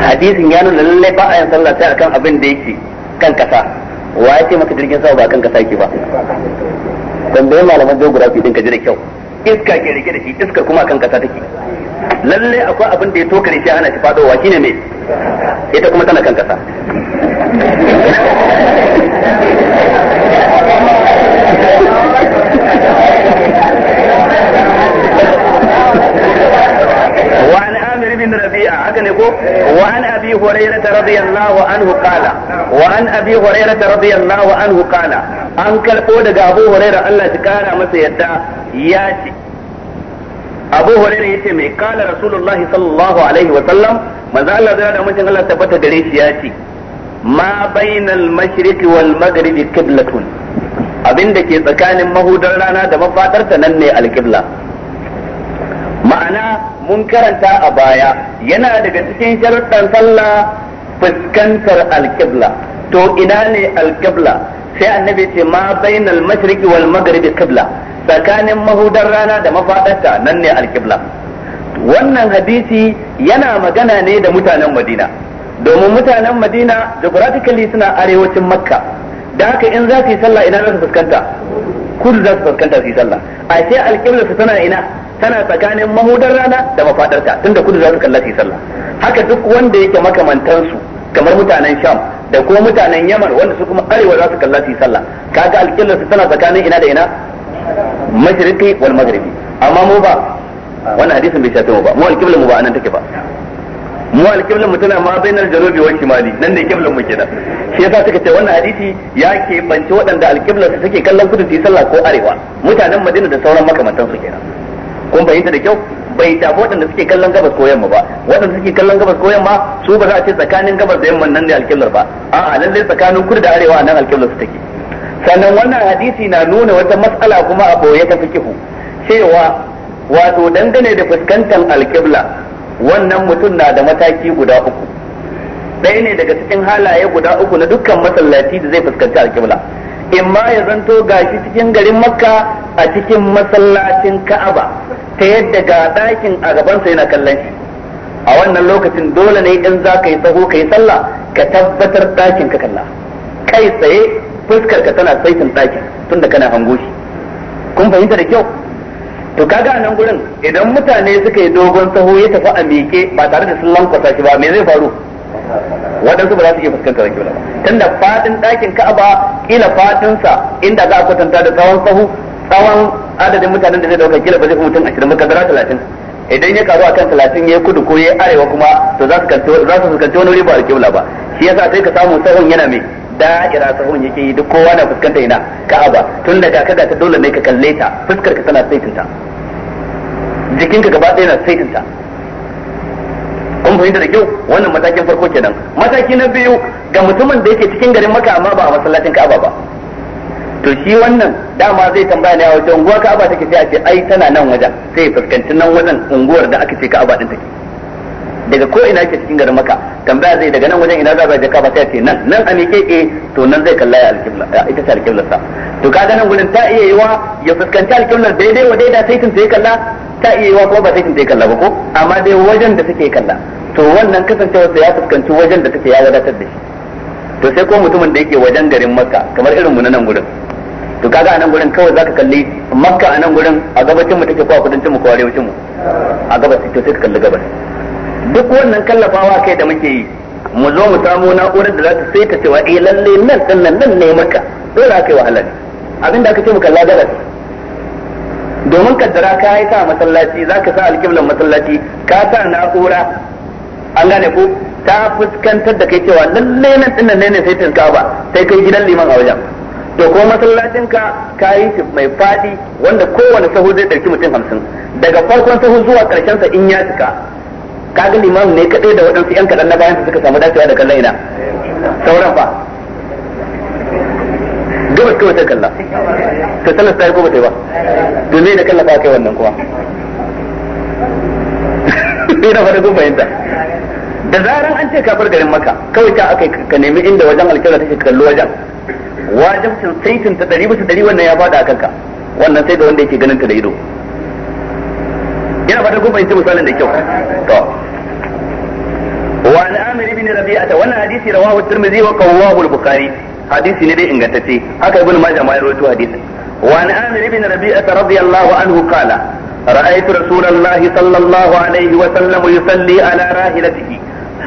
hadisin ya nuna lallai ba a yin sallah sai akan abin da yake kan kasa wa yake maka jirgin sama ba kan kasa yake ba bai malaman geography din ka ji da kyau iska ke rike da shi iska kuma kan kasa take lallai akwai abin da ya ne shi ana shi fadowa shine me ita kuma tana kan kasa bin rabi'a haka ne ko wa an abi hurairah radiyallahu anhu qala wa anhu qala an karbo daga abu hurairah Allah ya kara masa yadda ya ce abu hurairah yace mai kala rasulullah sallallahu alaihi wa sallam manzo Allah zai da mutum Allah tabbata gare shi abinda ke tsakanin mahudar rana da mafadarta nan ne alqibla ma'ana mun karanta a baya yana daga cikin sharuɗan sallah fuskantar alƙibla to ina ne alƙibla sai annabi ce ma bainal mashriqi wal maghribi qibla tsakanin mahudar rana da mafadarta nan ne alƙibla wannan hadisi yana magana ne da mutanen Madina domin mutanen Madina geographically suna arewacin Makka da haka in za su yi sallah ina za su fuskanta kudu za su fuskanta su yi sallah a sai alƙibla su tana ina tana tsakanin mahudar rana da mafadarta tunda kudu za su kalla su sallah haka duk wanda yake makamantansu kamar mutanen sham da kuma mutanen yaman wanda su kuma arewa za su kalla su sallah kaga alƙillar su tana tsakanin ina da ina mashriqi wal maghribi amma mu ba wannan hadisin bai shafi mu ba mu alƙiblar mu ba anan take ba mu alƙiblar mu tana ma bainar janubi wa shimali nan ne kiblar mu kenan shi yasa suka ce wannan hadisi ya ke bance waɗanda alƙiblar su take kallon kudu su sallah ko arewa mutanen madina da sauran makamantan su kenan kun bayyana da kyau bai tafi waɗanda suke kallon gabas ko yamma ba waɗanda suke kallon gabas ko yamma su ba za a ce tsakanin gabas da yamma nan ne alƙiblar ba a'a lalle tsakanin kudu da arewa nan alƙiblar su take sannan wannan hadisi na nuna wata matsala kuma a boye ta fikihu cewa wato dangane da fuskantar alƙibla wannan mutum na da mataki guda uku ɗaya ne daga cikin halaye guda uku na dukkan masallaci da zai fuskanci alƙibla in ma ya zanto gashi cikin garin makka a cikin masallacin ka'aba ta yadda ga ɗakin a gabansa yana kallon shi a wannan lokacin dole ne in za ka yi tsaho ka yi sallah ka tabbatar ɗakin ka kalla kai tsaye fuskar ka tana saitin ɗakin da kana hango shi kun fahimta da kyau to kaga a nan gurin idan mutane suka yi dogon tsaho ya tafi a miƙe ba tare da sun lankwasa shi ba me zai faru waɗansu ba za su iya fuskantar kibla ba tunda fadin ɗakin ka'aba kila fadinsa inda za a kwatanta da tsawon sahu tsawon adadin mutanen da zai dauka kila ba zai mutum ashirin ba kadara talatin idan ya karu akan talatin ya kudu ko ya arewa kuma to za su fuskanci wani riba kyau ba shi yasa sai ka samu sahun yana mai da'ira sahun yake yi duk kowa na fuskanta ina ka'aba tun daga kaga ta dole ne ka kalle ta fuskar ka tana saitinta jikinka gaba ɗaya na saitinta kun fahimta da kyau wannan matakin farko kenan mataki na biyu ga mutumin da yake cikin garin maka amma ba a masallacin ka'aba ba to shi wannan dama zai tambaya ne a wajen unguwar ka'aba take sai a ce ai tana nan wajen sai ya fuskanci nan wajen unguwar da aka ce ka'aba din take daga ko ina ke cikin garin maka tambaya zai daga nan wajen ina za a jaka ba sai ce nan nan a miƙe ke eh, to nan zai kalla ya alƙibla ita ce alƙibla sa to kaga nan gurin ta iya yiwa ya fuskanci alƙiblar daidai wa daidai sai tunta ya kalla ta iya yiwa ko ba sai tunta ya kalla ba ko amma dai wajen da take kalla to wannan kasancewar sa ya fuskanci wajen da take ya wadatar da shi to sai ko mutumin da yake wajen garin makka kamar irin mu na nan gurin to kaga nan gurin kawai zaka kalli makka nan gurin a gabacin mu take ko a kudancin mu ko arewacin mu a gabas to sai ka kalli gabas duk wannan kallafawa kai da muke yi mu zo mu samu na'urar da za ta saita cewa eh lalle nan din nan nan ne maka dole aka yi wahala ne abinda aka ce mu kalla galas domin kaddara ka yi sa masallaci za ka sa alkiblan masallaci ka sa na'ura an gane ku ta fuskantar da kai cewa lalle nan din nan ne sai saitin sai kai gidan liman a wajen to ko masallacin ka yi shi mai fadi wanda kowane sahu zai ɗauki mutum hamsin daga farkon sahu zuwa ƙarshen sa in ya cika kaga limamin ne kadai da waɗansu yan kaɗan na bayan suka samu dacewa da kallon ina sauran fa gabas kawai sai kalla ta sallar ta yi goma yi ba domin me da kallafa kai wannan kuma ina fara kun fahimta da zarar an ce kafar garin maka kawai ta aka ka nemi inda wajen ta take kallo wajen wajibcin saitin ta ɗari bisa ɗari wannan ya bada a kanka wannan sai da wanda yake ganin ta da ido yana fata kun fahimci misalin da kyau to wa an amir ibn rabi'ata wannan hadisi rawahu at-tirmidhi wa qawahu al-bukhari hadisi ne dai ingantacce haka ibn majah ma ya rawaito hadisin wa an amir ibn rabi'ata radiyallahu anhu qala رأيت رسول الله صلى الله عليه وسلم يصلي على راحلته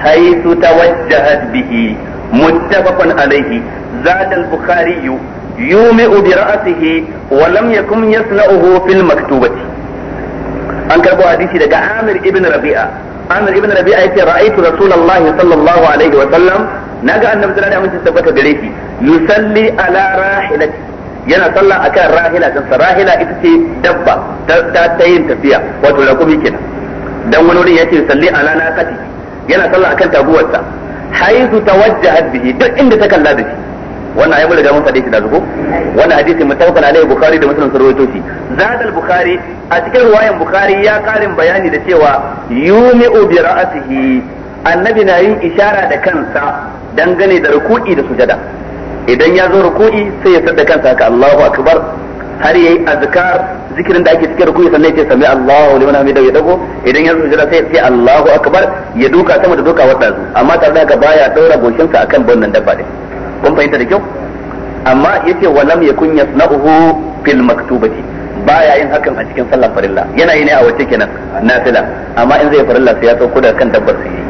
حيث توجهت به متفق عليه زاد البخاري يومئ برأسه ولم يكن يصنعه في المكتوبة an karbo hadisi daga Amir ibn Rabi'a Amir ibn Rabi'a yace ra'aytu Rasulullah sallallahu alaihi wa sallam naga annabi sallallahu alaihi wasallam tabbata gare shi yusalli ala rahilati yana sallah akan rahila din rahila ita ce dabba ta ta yin tafiya wato rakumi kenan dan wani wurin yace ala naqati yana sallah akan taguwarsa haythu tawajjahat bihi duk inda ta kalla da shi wannan ayi mun riga mun faɗe shi da zuko wannan hadisi mutafaqan alaihi bukhari da muslim sun rawaito shi zad al bukhari a cikin riwayan bukhari ya karin bayani da cewa yumi'u bi ra'sihi annabi na yin ishara da kansa dangane da ruku'i da sujada idan ya zo ruku'i sai ya sadda kansa ka Allahu akbar har yayi azkar zikirin da ake cikin ruku'i sannan ya ce sami Allahu liman hamida ya dago idan ya zo sujada sai sai Allahu akbar ya duka sama da duka wadazu amma tare da haka baya daura goshin sa akan bannan dabba din kun fahimta da kyau amma yace wa lam yakun yasna'uhu fil maktubati baya yin hakan a cikin sallar farilla yana yi ne a wace kenan nafila amma in zai farilla sai ya sauko da kan dabbar sai yi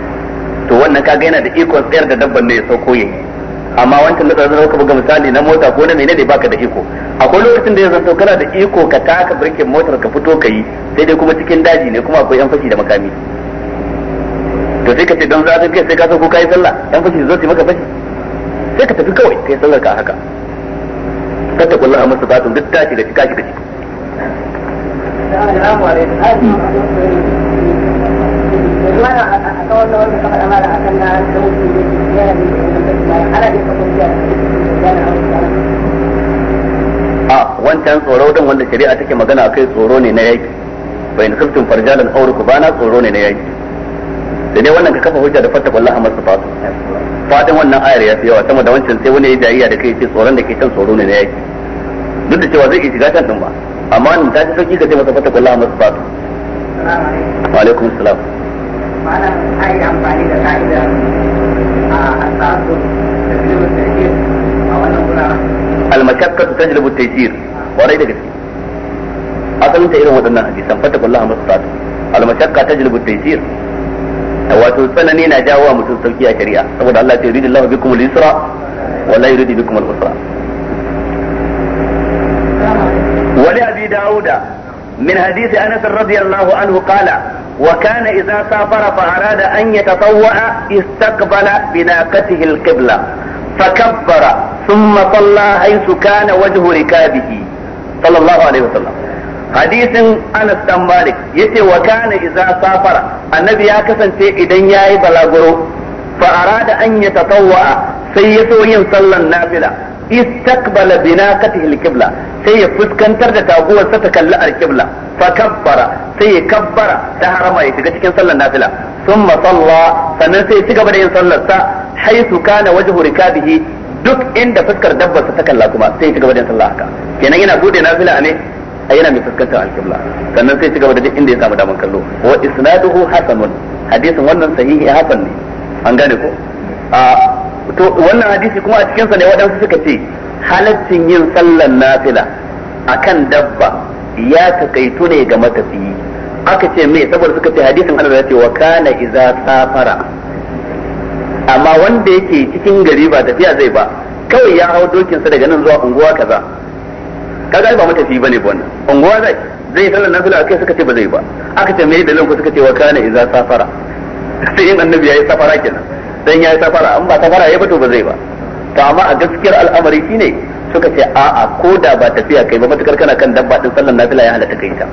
to wannan kaga yana da ikon tsayar da dabbar ne ya sauko yayi amma wancan lokacin da ka buga misali na mota ko na menene baka da iko akwai lokacin da ya zanto kana da iko ka taka birkin motar ka fito ka yi sai dai kuma cikin daji ne kuma akwai yan fashi da makami to sai ka ce don za ka kai sai ka sauko kai sallah yan fashi zo su maka fashi sai ka tafi kawai kai sallar ka haka kada kullum a masa batun duk tashi da cika shi kaci a wancan tsoro don wanda shari'a take magana kai tsoro ne na yaki bai nufin farjalan aure ku bana tsoro ne na yaki da dai wannan ka kafa hujja da fatta wallahi masa fatu fadin wannan ayar ya fi yawa sama da wancan sai wani ya da kai ce tsoron da ke can tsoro ne na yaki duk da cewa zai iya shiga can din ba amma nan ta ji sauki ka ce masa fata kullum masu fatu wa alaikum salam malam yi amfani da ka'ida a a wannan wuraren asalin ta wato tsanani na jawo wa mutum sauki a shari'a saboda Allah ya yuridu Allah bikum al-yusra wa la yuridu bikum al-usra wali abi dauda min hadith anas radiyallahu anhu qala wa kana safara fa arada an فأراد istaqbala يتطوع استقبل بناقته القبلة فكبر ثم صلى حيث كان وجه ركابه صلى الله عليه وسلم hadisin Anas dan Malik ya ce wa kana idza safara annabi ya kasance idan ya yayi balaguro fa arada an yatatawwa sai ya so yin sallan nafila istaqbala binaqatihi alqibla sai ya fuskantar da taguwar ta kalli alqibla fa kabbara sai ya kabbara ta harama ya shiga cikin sallan nafila Sun salla sannan sai ya ci gaba da yin sallar sa haythu kana wajhu rikabihi duk inda fuskar dabbar ta kalla kuma sai ya ci gaba da yin sallah haka kenan yana bude nafila ne a yana mai fuskantar alƙibla sannan sai ci gaba da duk inda ya samu daman kallo wa isnaduhu hasanun hadisin wannan sahihi hasan ne an gane ko a to wannan hadisi kuma a cikin sa ne waɗansu suka ce halaccin yin sallan nafila akan dabba ya takaitu ne ga matafiyi aka ce me saboda suka ce hadisin Allah ya ce wa kana iza safara amma wanda yake cikin gari ba tafiya zai ba kawai ya hau dokinsa daga nan zuwa unguwa kaza kaga ba matafi bane ba wannan unguwa zai zai sallar nafila akai suka ce ba zai ba aka ce me dalilin ku suka ce wa kana idza safara sai in annabi yayi safara kenan dan yayi safara an ba safara yayi ba to ba zai ba to amma a gaskiyar al'amari shine suka ce a'a ko da ba tafiya kai ba matukar kana kan dabba din sallar nafila ya halatta kai ta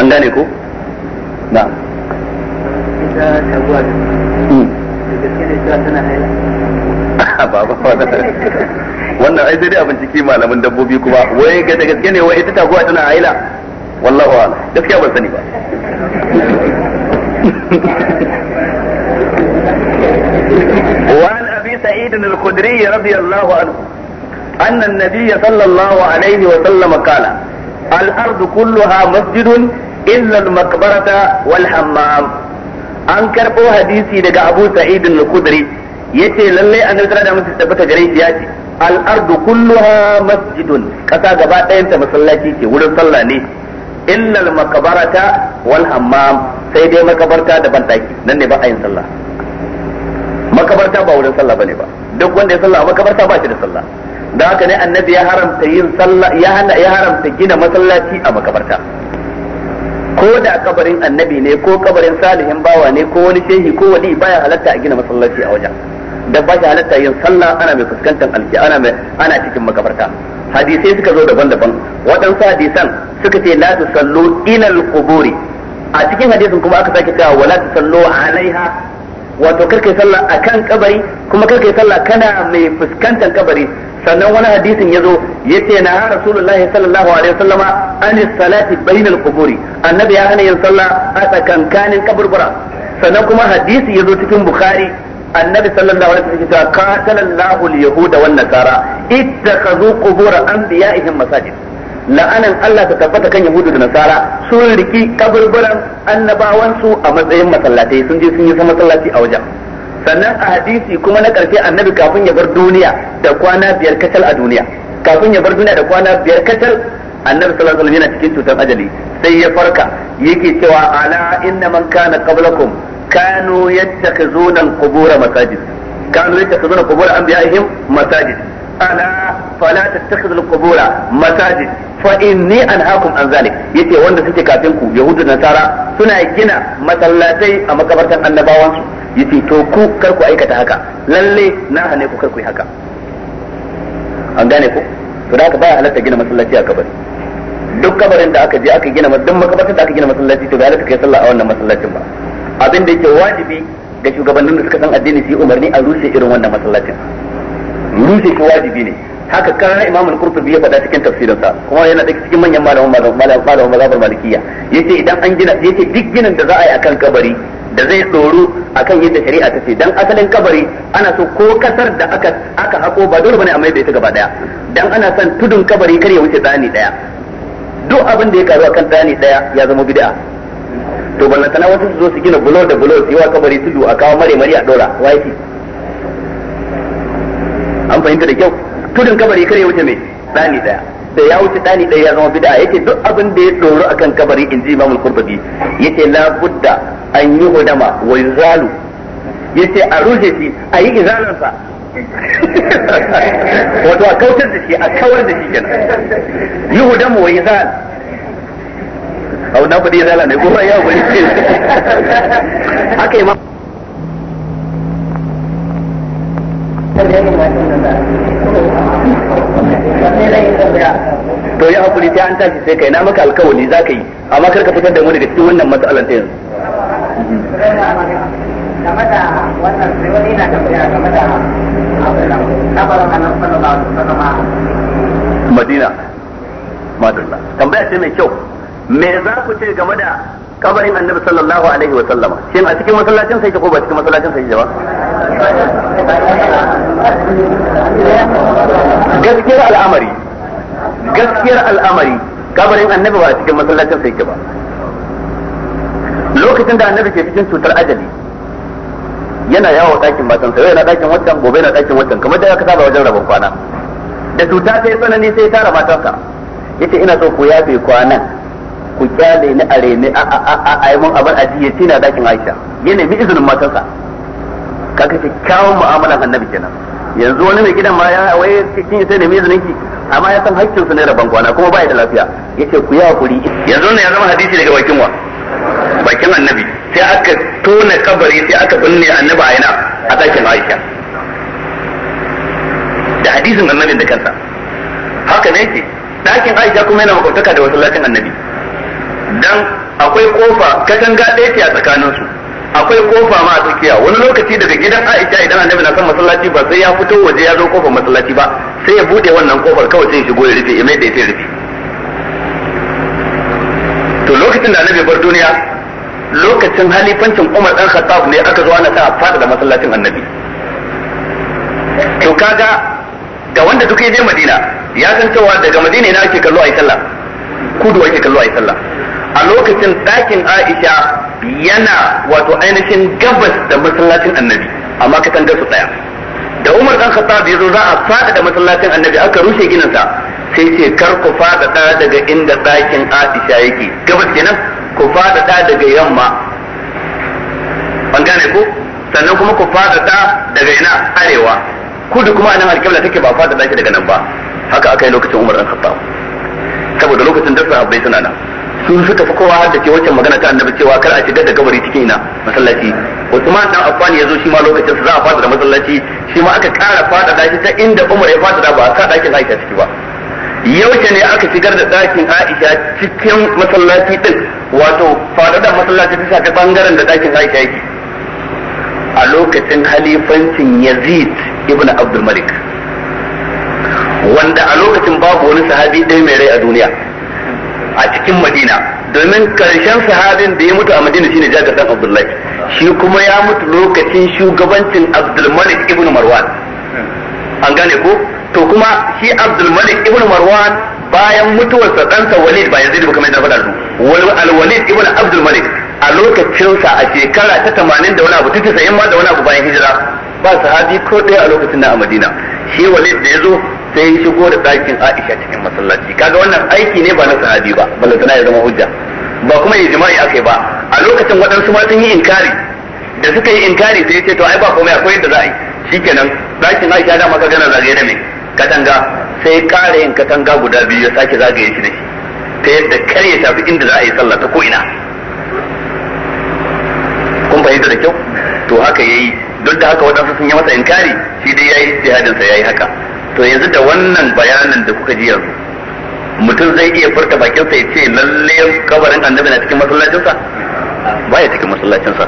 an gane ko ba ba ba wannan ai sai dai a binciki malamin dabbobi kuma wai ga gaske ne wai ita taguwa tana haila wallahu a'lam gaskiya ban sani ba وعن أبي سعيد الخدري رضي الله عنه أن النبي صلى الله عليه وسلم قال الأرض كلها مسجد إلا المقبرة والحمام an karbo hadisi daga abu sa'idin al-kudri yace lalle an da musu tabbata al'ardu kulluha masjidun ƙasa gaba ɗayanta masallaci ce wurin sallah ne illal makabarata wal hammam sai dai makabarta da banɗaki nan ne ba a yin sallah makabarta ba wurin sallah bane ba duk wanda ya sallah makabarta ba shi da sallah da haka ne annabi ya haramta yin sallah ya haramta gina masallaci a makabarta ko da kabarin annabi ne ko kabarin salihin bawa ne ko wani shehi ko wani baya halatta a gina masallaci a wajen dan ba shi halatta yin sallah ana mai fuskantar alki ana mai ana cikin makabarta hadisai suka zo daban-daban waɗansu hadisan suka ce la tusallu ila al-quburi a cikin hadisin kuma aka sake cewa wala tusallu alaiha wato kar kai sallah akan kabari kuma kar kai sallah kana mai fuskantar kabari sannan wani hadisin yazo yace na rasulullahi sallallahu alaihi wasallama an salati bainal quburi annabi ya hana yin sallah a tsakankanin kaburbura sannan kuma hadisi yazo cikin bukhari annabi sallallahu alaihi wasallam ya ce qatalallahu al-yahuda wan nasara ittakhadhu qubur anbiya'ihim masajid la'anan Allah ta tabbata kan Yahudu da Nasara sun riki kaburburan annabawansu a matsayin masallatai sun je sun yi a wajen sannan a hadisi kuma na karshe annabi kafin ya bar duniya da kwana biyar kacal a duniya kafin ya bar duniya da kwana biyar kacal annabi sallallahu alaihi wasallam yana cikin cutar ajali sai ya farka yake cewa ala inna man kana qablakum kanu yattakhizuna al-qubur masajid kanu yattakhizuna qubur anbiya'ihim masajid ala fala tattakhidhu al-qubur masajid fa inni anhaakum an zalik yace wanda suke kafin ku yahudu da nasara suna gina masallatai a makabartan annabawansu yace to ku kar ku aikata haka lalle na hane ku kar ku yi haka an gane ku. to da haka baya halatta gina masallaci a kabari duk kabarin da aka je aka gina duk makabartan da aka gina masallaci to bai halatta kai sallah a wannan masallacin ba abin da yake wajibi ga shugabannin da suka san addini su yi umarni a rushe irin wannan masallacin rushe shi wajibi ne haka kana imamul qurtubi ya faɗa cikin tafsirinsa kuma yana da cikin manyan malaman malaman mazhabar malikiyya yace idan an gina yace duk ginin da za a yi akan kabari da zai tsoro akan yadda shari'a ta ce dan asalin kabari ana so ko kasar da aka aka hako ba dole bane a mai da ita gaba daya dan ana son tudun kabari kar ya wuce tsani daya duk abin da ya karu akan tsani daya ya zama bid'a to tana wasu su zo su gina bulo da bulo su yi wa kabari tudu a kawo mare mari a dora waye an fahimta da kyau tudun kabari kare wuce mai dani daya da ya wuce dani daya ya zama bid'a yake duk abin da ya doro akan kabari in ji imamul qurtubi yake la budda an yi hudama wa yuzalu yace a ruje shi a yi izalan sa wato a kautar da shi a kawar da shi kenan yi hudama wa yuzal a na ne ko ya haka to ya hakuri sai an tashi sai kai na maka alkawali za ka yi amma karka fitar da mu daga cikin wannan matsalar ta yanzu Madina tambaya ce mai kyau me za ku ce game da kabarin annabi sallallahu alaihi wa sallama shin a cikin masallacin sai ko ba cikin masallacin sai ba gaskiyar al'amari gaskiyar al'amari kabarin annabi ba a cikin masallacin sai ba lokacin da annabi ke cikin cutar ajali yana yawo ɗakin matan sai yana ɗakin watan gobe yana ɗakin watan kamar da ya ba wajen rabon kwana da cuta sai tsanani sai tara matansa yace ina so ku yafe kwanan ku kyale ni a rene a a a a yi mun abar ajiye shi na dakin Aisha ya nemi izinin matarsa kaga kyakkyawan mu'amalan annabi kenan yanzu wani mai gidan ma ya waye kin sai nemi izinin ki amma ya san hakkin su ne da kwana kuma ba ya da lafiya yace ku yi hakuri yanzu ne ya zama hadisi daga bakin wa bakin annabi sai aka tona kabari sai aka binne annabi a ina a dakin Aisha da hadisin annabi da kansa haka ne yake dakin Aisha kuma yana makwataka da wasu lakin annabi dan akwai kofa katanga ɗaya ce a tsakanin su akwai kofa ma a tsakiya wani lokaci daga gidan Aisha idan annabi na san masallaci ba sai ya fito waje ya zo kofar masallaci ba sai ya bude wannan kofar kawai sai ya shigo ya rufe ya mai da ya rufe to lokacin da annabi bar duniya lokacin halifancin Umar dan Khattab ne aka zo ana sa fada da masallacin annabi to kaga ga wanda duk ya je Madina ya san cewa daga Madina ina ake kallo ayi sallah kudu ake kallo ayi sallah a lokacin ɗakin Aisha yana wato ainihin gabas da masallacin annabi amma katanga su ɗaya da Umar dan Khattab yazo za a da masallacin annabi aka rushe ginin sa sai ce kar ku faɗaɗa daga inda ɗakin Aisha yake gabas kenan ku faɗaɗa daga yamma an gane ko sannan kuma ku faɗaɗa daga ina arewa kudu kuma nan alƙibla take ba faɗa shi daga nan ba haka aka yi lokacin Umar dan Khattab saboda lokacin da sahabbai suna nan Sun suka fi kowa da ke wacce magana ta annabi cewa kar a shigar da kabari cikin ina masallaci Usman dan Affan ya zo shi ma lokacin sa za a fada masallaci shi ma aka kara fada shi ta inda Umar ya fada ba a sa dakin Aisha ciki ba ce ne aka shigar da dakin Aisha cikin masallaci din wato fada da masallaci ta ga bangaren da dakin Aisha yake a lokacin halifancin Yazid ibn Abdul Malik wanda a lokacin babu wani sahabi ɗaya mai rai a duniya a cikin madina domin karshen sahabin da ya mutu a madina shine jagar dan abdullahi shi kuma ya mutu lokacin shugabancin abdulmalik ibn marwan an gane ko to kuma shi abdulmalik ibn marwan bayan mutuwarsa ɗansa walid ba yanzu da kuma yadda faɗa su walid ibn abdulmalik a lokacinsa a shekara ta tamanin da wani abu ta tasa'in ma da wani abu bayan hijira ba su sahabi ko ɗaya a lokacin na a madina shi wale da ya zo sai ya shigo da ɗakin aisha cikin masallaci kaga wannan aiki ne ba na sahabi ba tana ya zama hujja ba kuma ya jima'i yi ba a lokacin waɗansu ma sun yi inkari da suka yi inkari sai ce to ai ba komai akwai yadda za a yi kenan ɗakin aisha da maka gana zagaye da mai katanga sai ƙara yin katanga guda biyu ya sake zagaye shi da shi ta yadda kar ya tafi inda za a yi sallah ta ko ina kun fahimta da kyau to haka yayi duk da haka wadansu sun yi masa inkari shi dai yayi jihadin sa yayi haka to yanzu da wannan bayanan da kuka ji yanzu mutum zai iya furta bakin sa ya ce lalle kabarin annabi na cikin masallacin sa baya cikin masallacin sa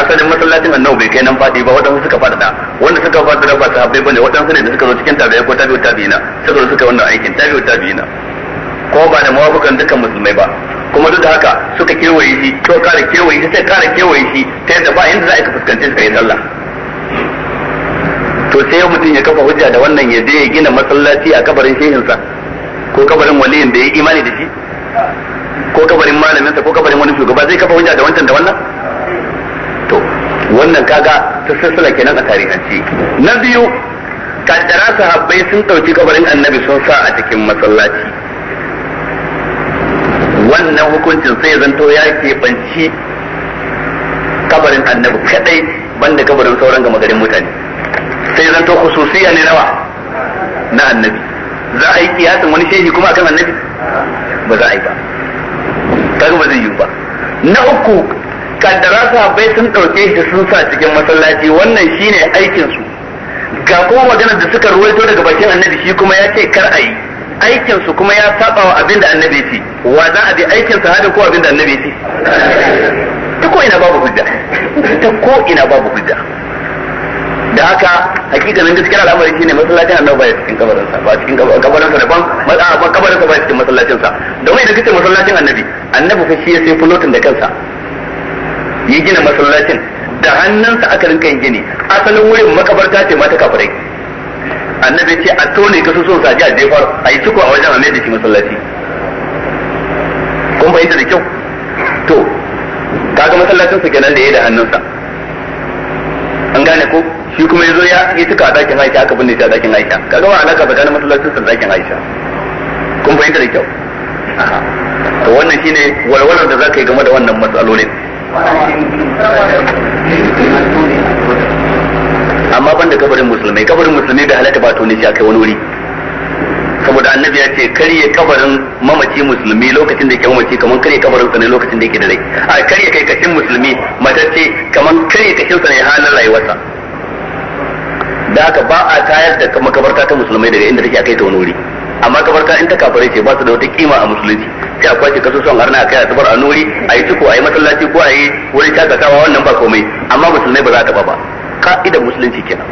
asalin masallacin annabi bai kai nan fadi ba wadansu suka da wanda suka da ba sahabbai bane waɗansu ne da suka zo cikin tabi'a ko tabi'u tabi'ina suka zo suka wannan aikin tabi'u tabi'ina ko ba da mawafukan dukkan musulmai ba kuma duk da haka suka kewaye shi ko kare kewaye shi sai kare kewaye shi ta yadda ba inda za a fuskanci su kai sallah to sai mutum ya kafa hujja da wannan ya je ya gina masallaci a kabarin shehinsa ko kabarin waliyin da ya imani da shi ko kabarin malaminsa ko kabarin wani shugaba zai kafa hujja da wancan da wannan to wannan kaga ta sassala kenan a tarihance na biyu kaddara sahabbai sun ɗauki kabarin annabi sun sa a cikin masallaci wannan hukuncin sai zanto ya ke banci kabarin annabi kadai banda kabarin sauran gama garin mutane sai zanto khususiya ne nawa na annabi za a yi kiyasin wani shehi kuma akan annabi ba za a yi ba kaga ba zai yi ba na uku kaddara bai sun ɗauke shi sun sa cikin masallaci wannan shine aikin su ga kuma maganar da suka ruwaito daga bakin annabi shi kuma ya ce kar a yi aikin su kuma ya saba wa abinda annabi ce wa za a bi aikin hada ko abinda annabi ce ta ko ina babu hujja ta ko ina babu hujja da haka nan gaskiya al'amari shine masallacin annabi ba cikin kabarin sa ba cikin kabarin sa daban ba kabarin sa ba cikin masallacin sa domin idan kace masallacin annabi annabi fa shi ya sai fulotin da kansa ya gina masallacin da hannunsa aka rinka yin gini asalin wurin makabarta ce mata kafirai annabi ce a tone ka so sa ji a jefar a yi suko a wajen a mai da shi masallaci kun fahimta da kyau to kaga masallacin su kenan da ya da hannunsa an gane ko shi kuma yazo ya yi suka a dakin Aisha aka binne a dakin Aisha kaga ba alaka ganin masallacin sa dakin Aisha kun fahimta da kyau to wannan shine walwalar da zaka yi game da wannan matsalolin amma ban da kabarin musulmai kabarin musulmi da halatta ba to ne shi akai wani wuri saboda annabi ya ce karye kabarin mamaci musulmi lokacin da yake mamaci kamar karye kabarin sa ne lokacin da yake da rai a karye kai kashin musulmi matacce kamar karye kashin sa ne halin rayuwarsa da haka ba a tayar da makabarta ta musulmai daga inda take akai ta wani wuri amma kabarta in ta kafare ce ba su da wata kima a musulunci sai a kwace kaso son harna kai a tabar a nuri a yi ciko a yi masallaci ko a yi wani shakatawa wannan ba komai amma musulmai ba za ta ba ba ka'idar musulunci kenan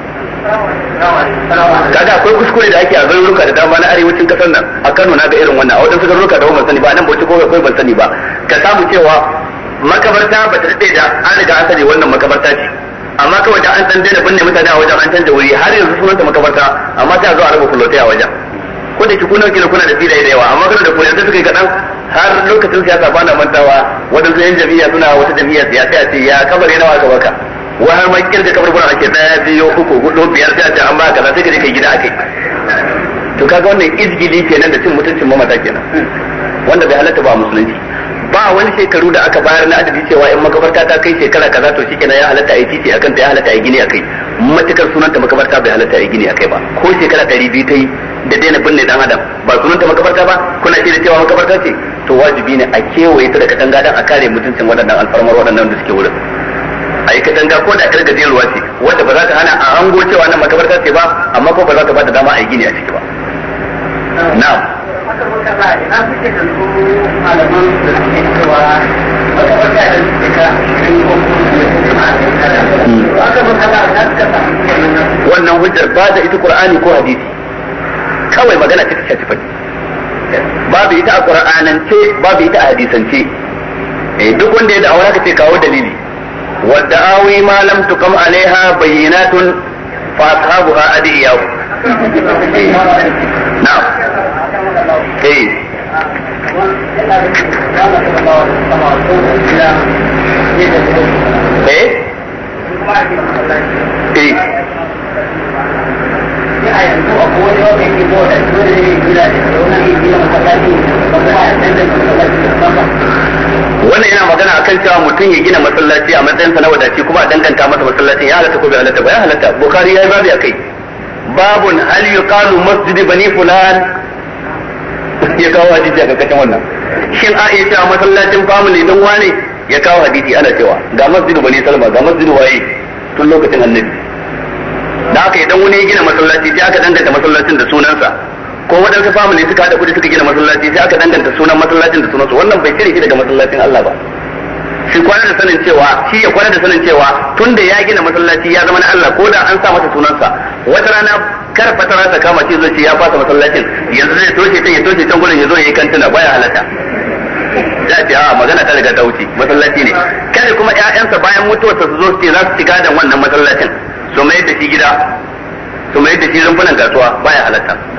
kaga akwai kuskure da ake a garuruka da dama na arewacin kasar nan a Kano na ga irin wannan a wadansu garuruka da ban sani ba nan bauchi ko kai ban sani ba ka samu cewa makabarta ba ta daɗe da an riga an sani wannan makabarta ce amma kawai da an san daina binne mutane a wajen an canza wuri har yanzu sunanta makabarta amma sai a zo a raba kulote a wajen ko da kuna kila kuna da filaye da yawa amma kuna da kulote suka yi kaɗan har lokacin siyasa ba na mantawa waɗansu 'yan jami'a suna wata jami'a siyasa ce ya kabar yana wa ka wa har mai da kaburbura ake daya biyo uku hudu biyar da ta amma kaza sai ka je kai gida akai to kaga wannan izgili kenan da cin mutuncin mamata kenan wanda bai halatta ba musulunci ba wani shekaru da aka bayar na adadi cewa in makabarta ta kai shekara kaza to shikenan ya halatta a titi akan ta ya halatta a gini akai matukar sunanta makabarta bai halatta a gini akai ba ko shekara 200 ta yi da daina binne dan adam ba sunanta makabarta ba kuna ce da cewa makabarta ce to wajibi ne a kewaye ta da katanga dan a kare mutuncin waɗannan alfarmar waɗannan da suke wurin a yi katanga ko da kar ruwa ce wanda ba za ta hana a hango cewa nan makabarta ce ba amma ko ba za ta ba da dama a yi gini a ciki ba na'am wannan hujjar ba da ita qur'ani ko hadisi kawai magana ta kace fa babu ita a qur'anance babu ita a hadisance eh duk wanda ya da'awar ka ce kawo dalili والدعاوي ما لم تقم عليها بينات فأصحابها أدعياء نعم اي إيه إيه wannan yana magana akan cewa mutum ya gina masallaci a matsayin sa na wadaci kuma a danganta masa masallacin ya halatta ko bai halatta ba ya halatta bukhari yi babu akai babun hal yuqalu masjid bani fulan ya kawo hadisi a karkashin wannan shin a iya cewa masallacin family don wane ya kawo hadisi ana cewa ga masjid bani salma ga masjid waye tun lokacin annabi da aka idan wani ya gina masallaci sai aka danganta masallacin da sunansa ko waɗansu family suka haɗa kuɗi suka gina masallaci sai aka danganta sunan masallacin da sunan su wannan bai cire shi daga masallacin Allah ba shi kwana da sanin cewa shi ya kwana da sanin cewa tun da ya gina masallaci ya zama na Allah ko da an sa masa sunansa wata rana kar fatara ta kama shi zai ce ya fasa masallacin yanzu zai toshe can ya toshe can gurin ya zo ya yi kantuna baya halatta za ce a magana ta daga ta masallaci ne kada kuma ƴaƴansa bayan mutuwarsa su zo su ce za su ci gadon wannan masallacin su mai da shi gida su mai da shi rumfunan kasuwa baya halatta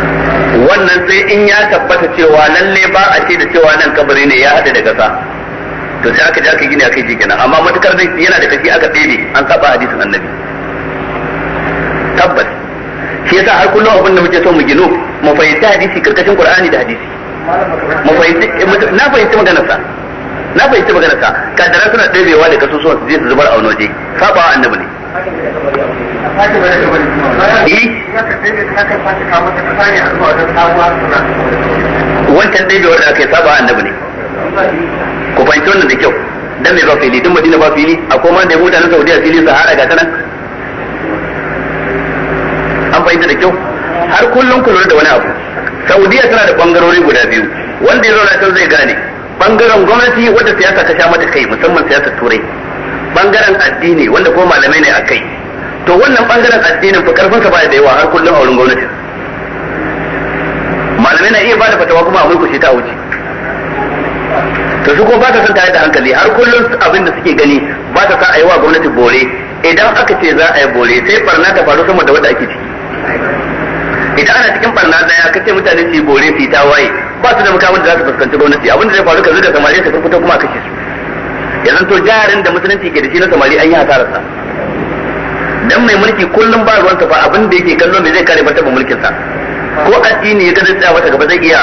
wannan sai in ya tabbata cewa lalle ba a ce da cewa nan kabari ne ya haɗe da kasa to sai aka je aka gini aka ji kenan amma matukar dai yana da kashi aka ɗebe an saba hadisin annabi tabbas shi yasa har kullum abin da muke so mu gino mu fahimci hadisi karkashin qur'ani da hadisi mu fahimci na fahimci maganar sa na fahimci maganar sa kadara suna ɗebewa da kasusuwan su je su zubar a wani waje saba annabi ne wancan dai da aka yi saba annabi ne ku fahimci wannan da kyau dan mai ba fili din madina ba fili A ma da mutanen saudiya fili sahara ga tanan an fahimta da kyau har kullum ku lura da wani abu saudiya tana da bangarori guda biyu wanda ya zauna can zai gane bangaren gwamnati wadda siyasa ta sha mata kai musamman siyasar turai bangaren addini wanda ko malamai ne akai to wannan bangaren addinin fa karfin sa ba da yawa har kullum a wurin gwamnati malamai na iya bada fatawa kuma a shi ta wuce to su kuma ba ta son tare da hankali har kullum abin da suke gani ba ta sa a yi wa gwamnati bore idan aka ce za a yi bore sai barna ta faru sama da wanda ake ciki ita ana cikin barna daya kace mutane su yi bore su yi tawaye ba su da makamin da za su fuskanci gwamnati abin da zai faru ka zuga samari ta fito kuma a kashe su ya zanto jarin da musulunci ke da shi na samari an yi hasararsa dan mai mulki kullum ba ruwansa fa abin da yake kallo mai zai kare mata mulkin mulkinsa ko addini ya kada tsaya mata gaba zai iya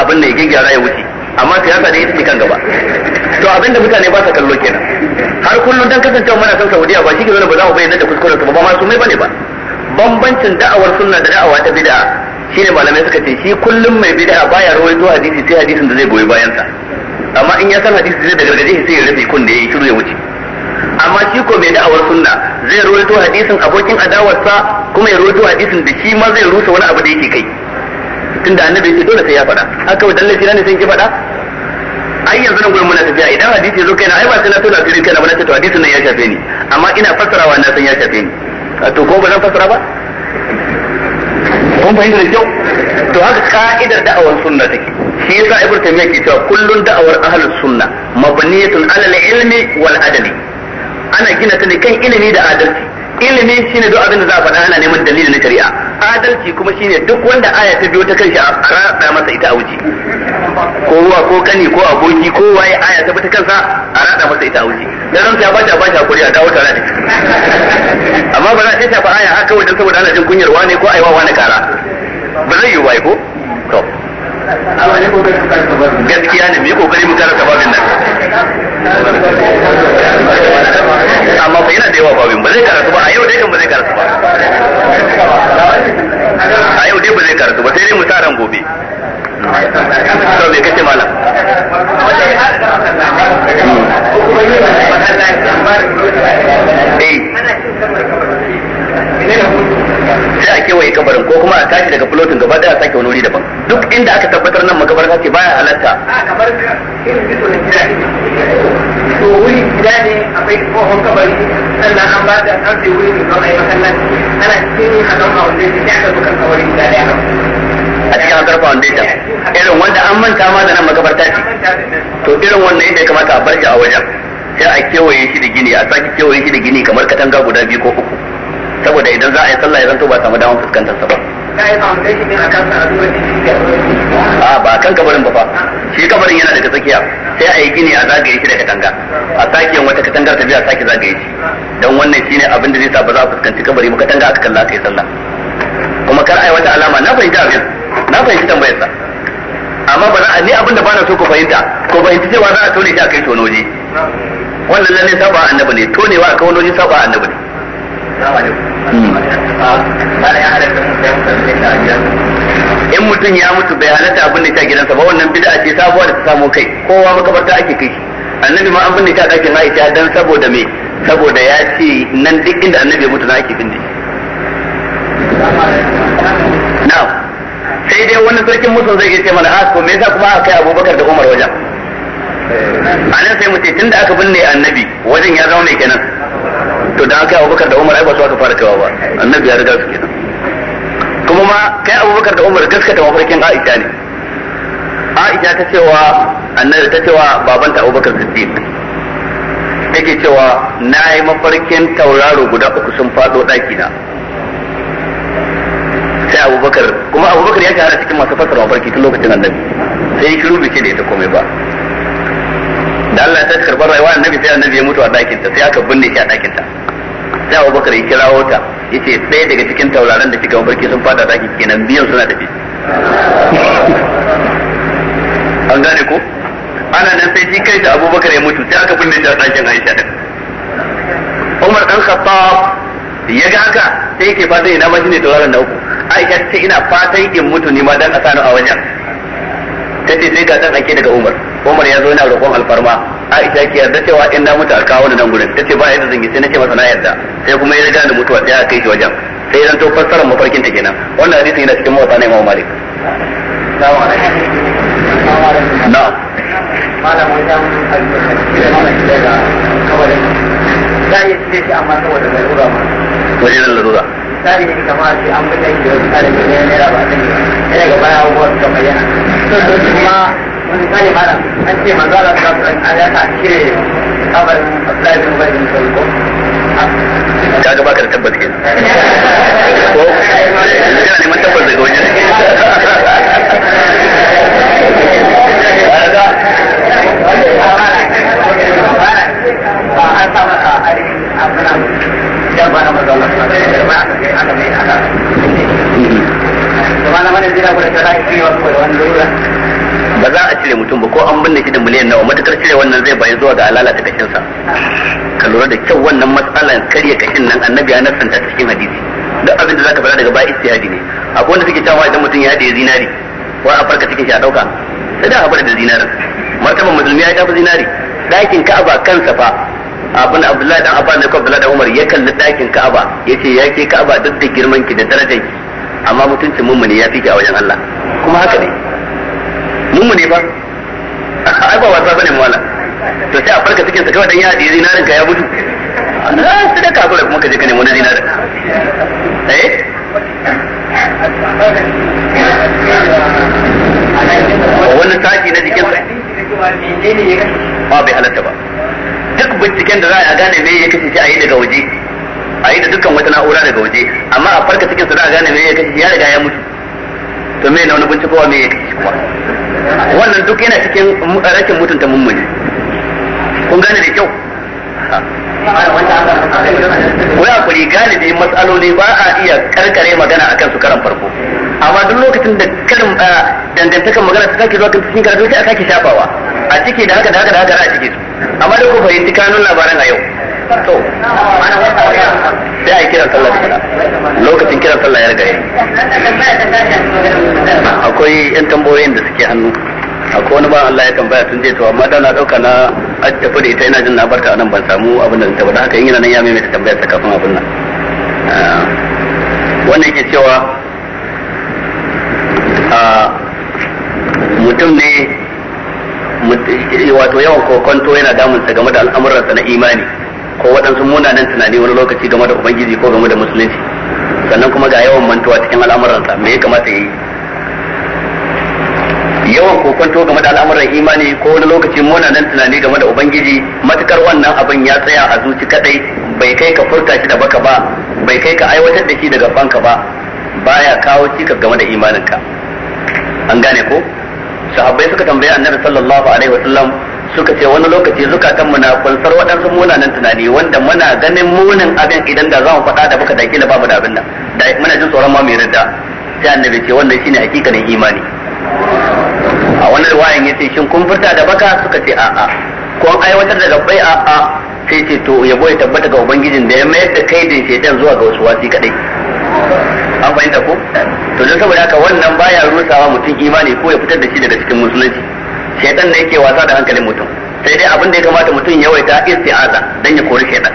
abin da ya gyara ya wuce amma siyasa da ita ce kan gaba to abin da mutane ba sa kallo kenan har kullum dan kasancewa muna san Saudiya ba shi ke ba za mu bayyana da kuskuren su ba ma su mai bane ba bambancin da'awar sunna da da'awa ta bid'a shine malamai suka ce shi kullum mai bid'a baya rawaito hadisi sai hadisin da zai goyi bayan sa amma in ya san hadisi zai daga gargaje sai ya rabi kun da ya yi shiru ya wuce amma shi ko mai da'awar sunna zai ruwaito hadisin abokin adawarsa kuma ya ruwaito hadisin da shi ma zai rusa wani abu da yake kai tunda annabi ya ce dole sai ya faɗa haka wadan lafiya ne sai ki faɗa ai yanzu nan gurin muna tafiya idan hadisi ya zo na ai ba sai na tona kai na ba na ce to hadisin nan ya shafe ni amma ina fassarawa na san ya shafe ni to ko ba zan fassara ba kun fahimta da kyau to haka ka'idar da'awar sunna take shi yasa ibnu taymiya ke cewa kullun da'awar ahlus sunna mabniyatun al ilmi wal adali ana gina ta ne kan ilimi da adalci ilimi shine duk abin da za a faɗa ana neman dalili na shari'a adalci kuma shine duk wanda aya ta biyo ta kanshi a ratsa masa ita a wuce ko ruwa ko kani ko aboki ko waye aya ta bata kansa a ratsa masa ita a wuce da ran ta bata bata hakuri a dawo tare da amma ba za a tafi aya haka wajen saboda ana jin kunyar wane ko aiwa wane kara ba zai yi waye ko to gaskiya ne mu yi kokari mu karanta babin nan amma fa yana da yawa babin ba zai karatu ba a yau dai kan ba zai karatu ba a yau dai ba zai karatu ba sai dai mu gobe kace eh sai a kewaye kabarin ko kuma a tashi daga flotin gaba daya sake wani wuri daban duk inda aka tabbatar nan makabarta ce baya halatta to wuri gida ne akwai tsohon kabari sannan an ba da an wuri mai zama yi ana cikin hakan a wanda ya aka zo kan kabari a cikin hakan foundation irin wanda an manta ma da nan makabarta ce to irin wannan inda ya kamata a bar shi a wajen sai a kewaye shi da gini a sake kewaye shi da gini kamar katanga guda biyu ko uku saboda idan za a yi sallah ya zanto ba samu damar fuskantar sa ba a ba kan kabarin ba fa shi kabarin yana daga tsakiya sai a yi gini a zagaye shi da katanga a sake wata katangar ta biya a sake zagaye shi don wannan shine abin da zai sa ba za a fuskanci kabari ba katanga aka kalla aka yi sallah kuma kar a yi wata alama na fahimta abin na fahimci tambayar sa amma ba za a ni abin da ba na so ku fahimta ko fahimci cewa za a tone shi a kai tonoji wannan lalle saba annabi ne tonewa a kawo noji saba annabi ne Hmm. in mutum ya mutu bai halatta abin da ta gidansa ba wannan bid'a ce sabuwa da ta samu kai kowa makabarta ake kai annabi ma an binne ta dakin Aisha dan saboda me saboda ya ce nan duk inda annabi ya mutu na ake binne na'am sai dai wani sarkin musu zai ce mana asko ah, me yasa kuma aka kai Abubakar da Umar wajen a nan sai mu ce tunda aka binne annabi wajen ya zaune kenan to da aka yi abubakar da umar ai ba su aka fara cewa ba annabi ya riga su kenan kuma ma kai abubakar da umar gaskata mafarkin aisha ne aisha ta cewa annabi ta cewa babanta abubakar siddiq take cewa na yi mafarkin tauraro guda uku sun faɗo ɗaki na sai abubakar kuma abubakar ya shahara cikin masu fasara mafarki tun lokacin annabi sai ya shiru bice da ita komai ba da Allah ya tashi karɓar rayuwa annabi sai annabi ya mutu a ɗakinta sai aka binne shi a ɗakinta sai Abu Bakar ya kirawo ta yace ɗaya daga cikin tauraron da kika barke sun fada zaki kenan biyan suna tafi an gane ko ana nan sai shi kai da Abu Bakar ya mutu sai aka binne shi a ɗakin Aisha din Umar dan Khattab ya ga haka sai yake fatan ina ma shine tauraron na uku Aisha ta ina fatan in mutu ne ma dan a sanu a wajen tace sai ga dan ake daga Umar Umar ya zo yana roƙon alfarma Aisha ke yarda cewa in na mutu a kawo ni nan gurin tace ba yadda zan yi sai nace masa na yarda sai kuma ya riga da mutuwa sai aka kai shi wajen sai zan to fassarar mafarkin ta kenan wannan hadisin yana cikin mawata na Imam Malik Assalamu alaikum na malam wajen kabarin za a yi shi amma saboda larura ma wajen larura misali ne kamar sai an bi da shi da misali ne naira ba ta ne ya baya abubuwan kamar yana misali malam an ce manzo Allah ta san an ya ta cire kabar Abdullahi bin Ubay bin Salul ko ka ga baka da tabbas kenan ko ina neman tabbas daga wajen Kemana mana tidak boleh cerai jiwa pun, orang dulu lah. ba za a cire mutum ba ko an binne shi da miliyan nawa matakar cire wannan zai bayi zuwa ga alalata kashin sa ka lura da kyau wannan matsala karya kashin nan annabi ya nasanta cikin hadisi duk abin da zaka fara daga baya istihadi ne akwai wanda suke cewa idan mutum ya da zinari wa a farka cikin shi a ɗauka sai da a da zinarin martaban musulmi ya tafi zinari ɗakin ka'aba kansa fa abin abdullahi dan abba ne ko abdullahi dan umar ya kalli ɗakin ka'aba yace ya ke ka'aba duk da girman ki da darajar ki amma mutuncin mummuni ya fi ki a wajen Allah kuma haka ne mu ne ba ai ba wasa bane mala to sai a farka cikin sa kawai dan ya hadiye zinarin ka ya mutu na sai da kakura kuma ka je ka nemi wani zinarin eh wani sashi na jikin sa ba bai halatta ba duk binciken da za a gane me ya kashe shi a yi daga waje a yi da dukkan wata na'ura daga waje amma a farka cikin su za a gane me ya kashe shi ya riga ya mutu to me na wani bincikowa me ya kashe kuma wannan duk yana cikin rashin mutunta mummuni kun gane da kyau ko ya kuri yin matsaloli ba a iya karkare magana akan su karan farko amma duk lokacin da karin ah, dangantakan magana ta sake zuwa kan cikin karatu sai a sake shafawa a ciki da haka da haka da haka a ciki su amma da ku fahimci kanun labaran a yau to sai a yi kiran sallah tukuna lokacin kiran sallah ya riga akwai yan tambayoyin da suke hannu akwai wani ba Allah ya tambaya tun zai to amma da na dauka na tafi da ita ina jin na barka anan ban samu abin da ta ba haka yin nan ya mai mai tambaya ta kafin abin nan ah, wannan yake cewa a ah, mutum ne wato yawan kokonto yana damunsa game da al'amuransa na imani ko waɗansu munanan tunani wani lokaci game da ubangiji ko game da musulunci sannan kuma ga yawan mantuwa cikin al'amuransa me ya kamata ya yi yawan kokonto game da al'amuran imani ko wani lokaci munanan tunani game da ubangiji matukar wannan abin ya tsaya a zuci kadai bai kai ka furta shi da baka ba bai kai ka aiwatar da shi daga banka ba baya kawo cikas game da imaninka an gane ko sahabbai suka tambayi annabi sallallahu alaihi wasallam suka ce wani lokaci zukatan mu na kunsar waɗansu munanan tunani wanda muna ganin munin abin idan da za mu faɗa da muka dakila babu da abin nan da muna jin tsoron ma mai yarda sai annabi ce wannan shine hakikanin imani a wani riwayan yace shin kun furta da baka suka ce a'a ko an aiwatar da gabbai a'a sai ce to yabo ya tabbata ga ubangijin da ya mayar da kaidin shaitan zuwa ga wasu wasi kadai an fahimta ko to don saboda haka wannan baya rusawa mutum imani ko ya fitar da shi daga cikin musulunci shaitan ne yake wasa da hankalin mutum sai dai abin da ya kamata mutum yawaita isti'aza dan ya kori shaitan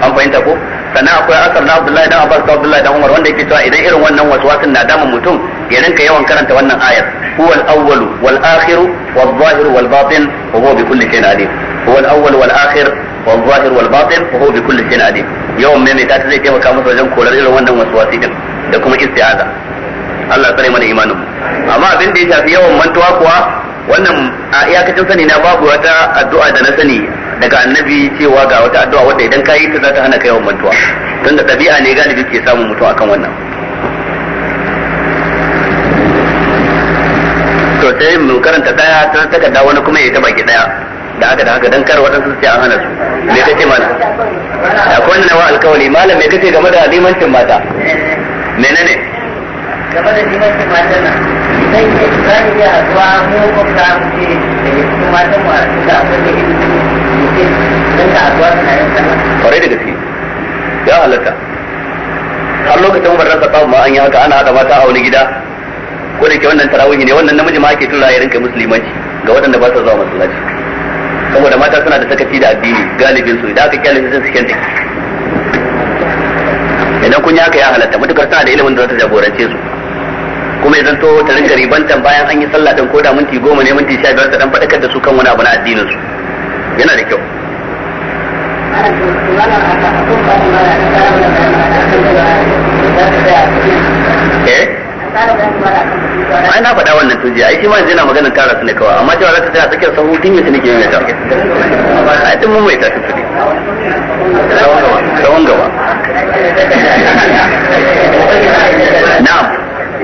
an fahimta ko sannan akwai asar na Abdullahi dan Abbas da Abdullahi dan Umar wanda yake cewa idan irin wannan waswasin na damun mutum ya rinka yawan karanta wannan ayar huwal awwalu wal akhiru wal zahiru wal batin wa huwa bi kulli shay'in alim huwal awwalu wal akhir wal zahiru wal batin wa huwa bi kulli shay'in alim yawan mai ta zai taimaka masa wajen korar irin wannan waswasi din da kuma isti'aza Allah tsare mana imanin mu amma abin da ya shafi yawan mantuwa kuwa wannan a iyakacin sani na babu wata addu'a da na sani daga annabi cewa ga wata addu'a wadda idan ka yi ta za ta hana kai yawan tun tunda ɗabi'a ne galibi ke samun mutu akan wannan to sai mu karanta daya ta takarda wani kuma ya ta baki daya da haka da haka dan kar waɗansu sai an hana su me kace mana akwai wani wa alkawali malam me kace game da limancin mata menene game da limancin mata zai zan iya haɗuwa mu kwamta mu ce daga cikin matan mu a cikin da akwai da ilimi mu ce zan ka haɗuwa suna yin sallah. Kwarai da gaske ya halatta. har lokacin umar rasa ma an yi haka ana haka mata a wani gida ko da ke wannan tarawihi ne wannan namiji ma ake tura ya rinka musulmanci ga waɗanda ba su zuwa masallaci saboda mata suna da sakaci da addini galibin su idan aka kyale su sai su idan kun yi haka ya halatta mutukar suna da ilimin da za ta jagorance su kuma ya zanto ta rinka ribantan bayan an yi sallah din ko da minti goma ne minti sha biyar ta dan faɗakar da su kan wani abu na addinin su yana da kyau eh ai na faɗa wannan tuji ai shi ma yanzu yana magana tara su ne kawai amma cewa za ta tsaya tsakiyar sahu tun yi tunike mai ta ai tun mun mai ta su ne tsawon gaba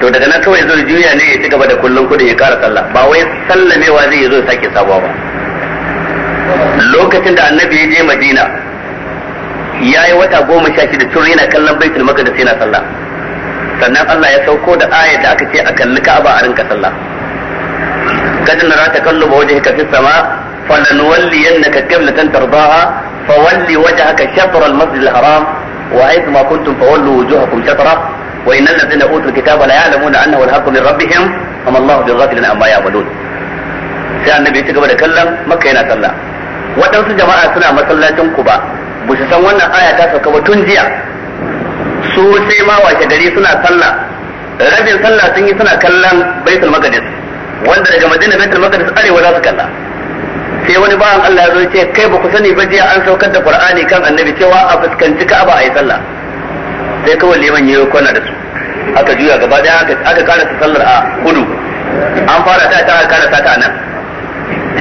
to daga nan kawai zai juya ne ya ci gaba da kullun kudin ya kara sallah ba wai sallamewa zai zo sake sabuwa ba lokacin da annabi ya je madina ya yi wata goma sha shida tun yana kallon baitul maqdis yana sallah sannan Allah ya sauko da ayat da aka ce a kalli ka'aba a rinka sallah kad nara takalluba wajhika fis sama falanwalliyannaka qiblatan tardaha fawalli wajhaka shatr al-masjid al-haram wa aithma kuntum fawallu wujuhakum shatrah wa innal ladzina utul kitaba la ya'lamuna annahu al-haqqu min rabbihim wa ma Allahu bighafilin amma ya'malun sai annabi ya ci gaba da kallon makka yana sallah waɗansu jama'a suna masallacin kuba ba su san wannan aya ta sauka ba tun jiya su sai ma wace gari suna sallah rabin sallah sun yi suna kallon baitul maqdis wanda daga madina baitul maqdis arewa za su kalla sai wani bawan Allah ya zo ce kai ba ku sani ba jiya an saukar da Qur'ani kan Annabi cewa a fuskanci Ka'aba ayi sallah sai kawai liman yayi kona da su aka juya gaba daya aka kana ta sallar a kudu an fara ta ta aka kana ta ta nan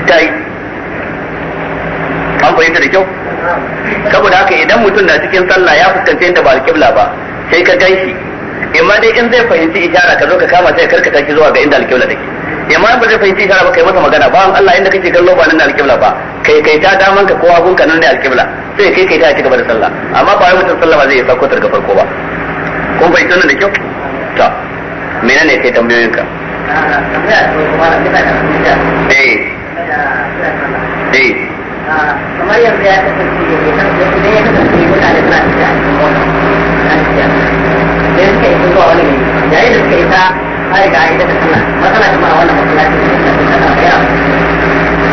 ta yi an fahimta da kyau saboda haka idan mutum na cikin sallah ya fuskanci inda ba alƙibla ba sai ka gan shi imma dai in zai fahimci ishara ka zo ka kama sai karkata tashi zuwa ga inda alƙibla take in ba zai fahimci ishara ba kai masa magana ba Allah inda kake kallo ba nan da alƙibla ba kai kai ta daman ka ko hagun ka nan ne alƙibla sai kai kai ta ci gaba da sallah amma ba wai mutum sallah ba zai sauko daga farko ba ko bai tona da kyau to menene kai tambayoyin ka eh eh kamar yanzu ya kasance da ya kasance mutane suna tafiya a cikin wannan da suka yi zuwa wani gari yayin da suka yi ta har ga aida da sallah matsala kuma a wannan masallaci da suka yi sallah ya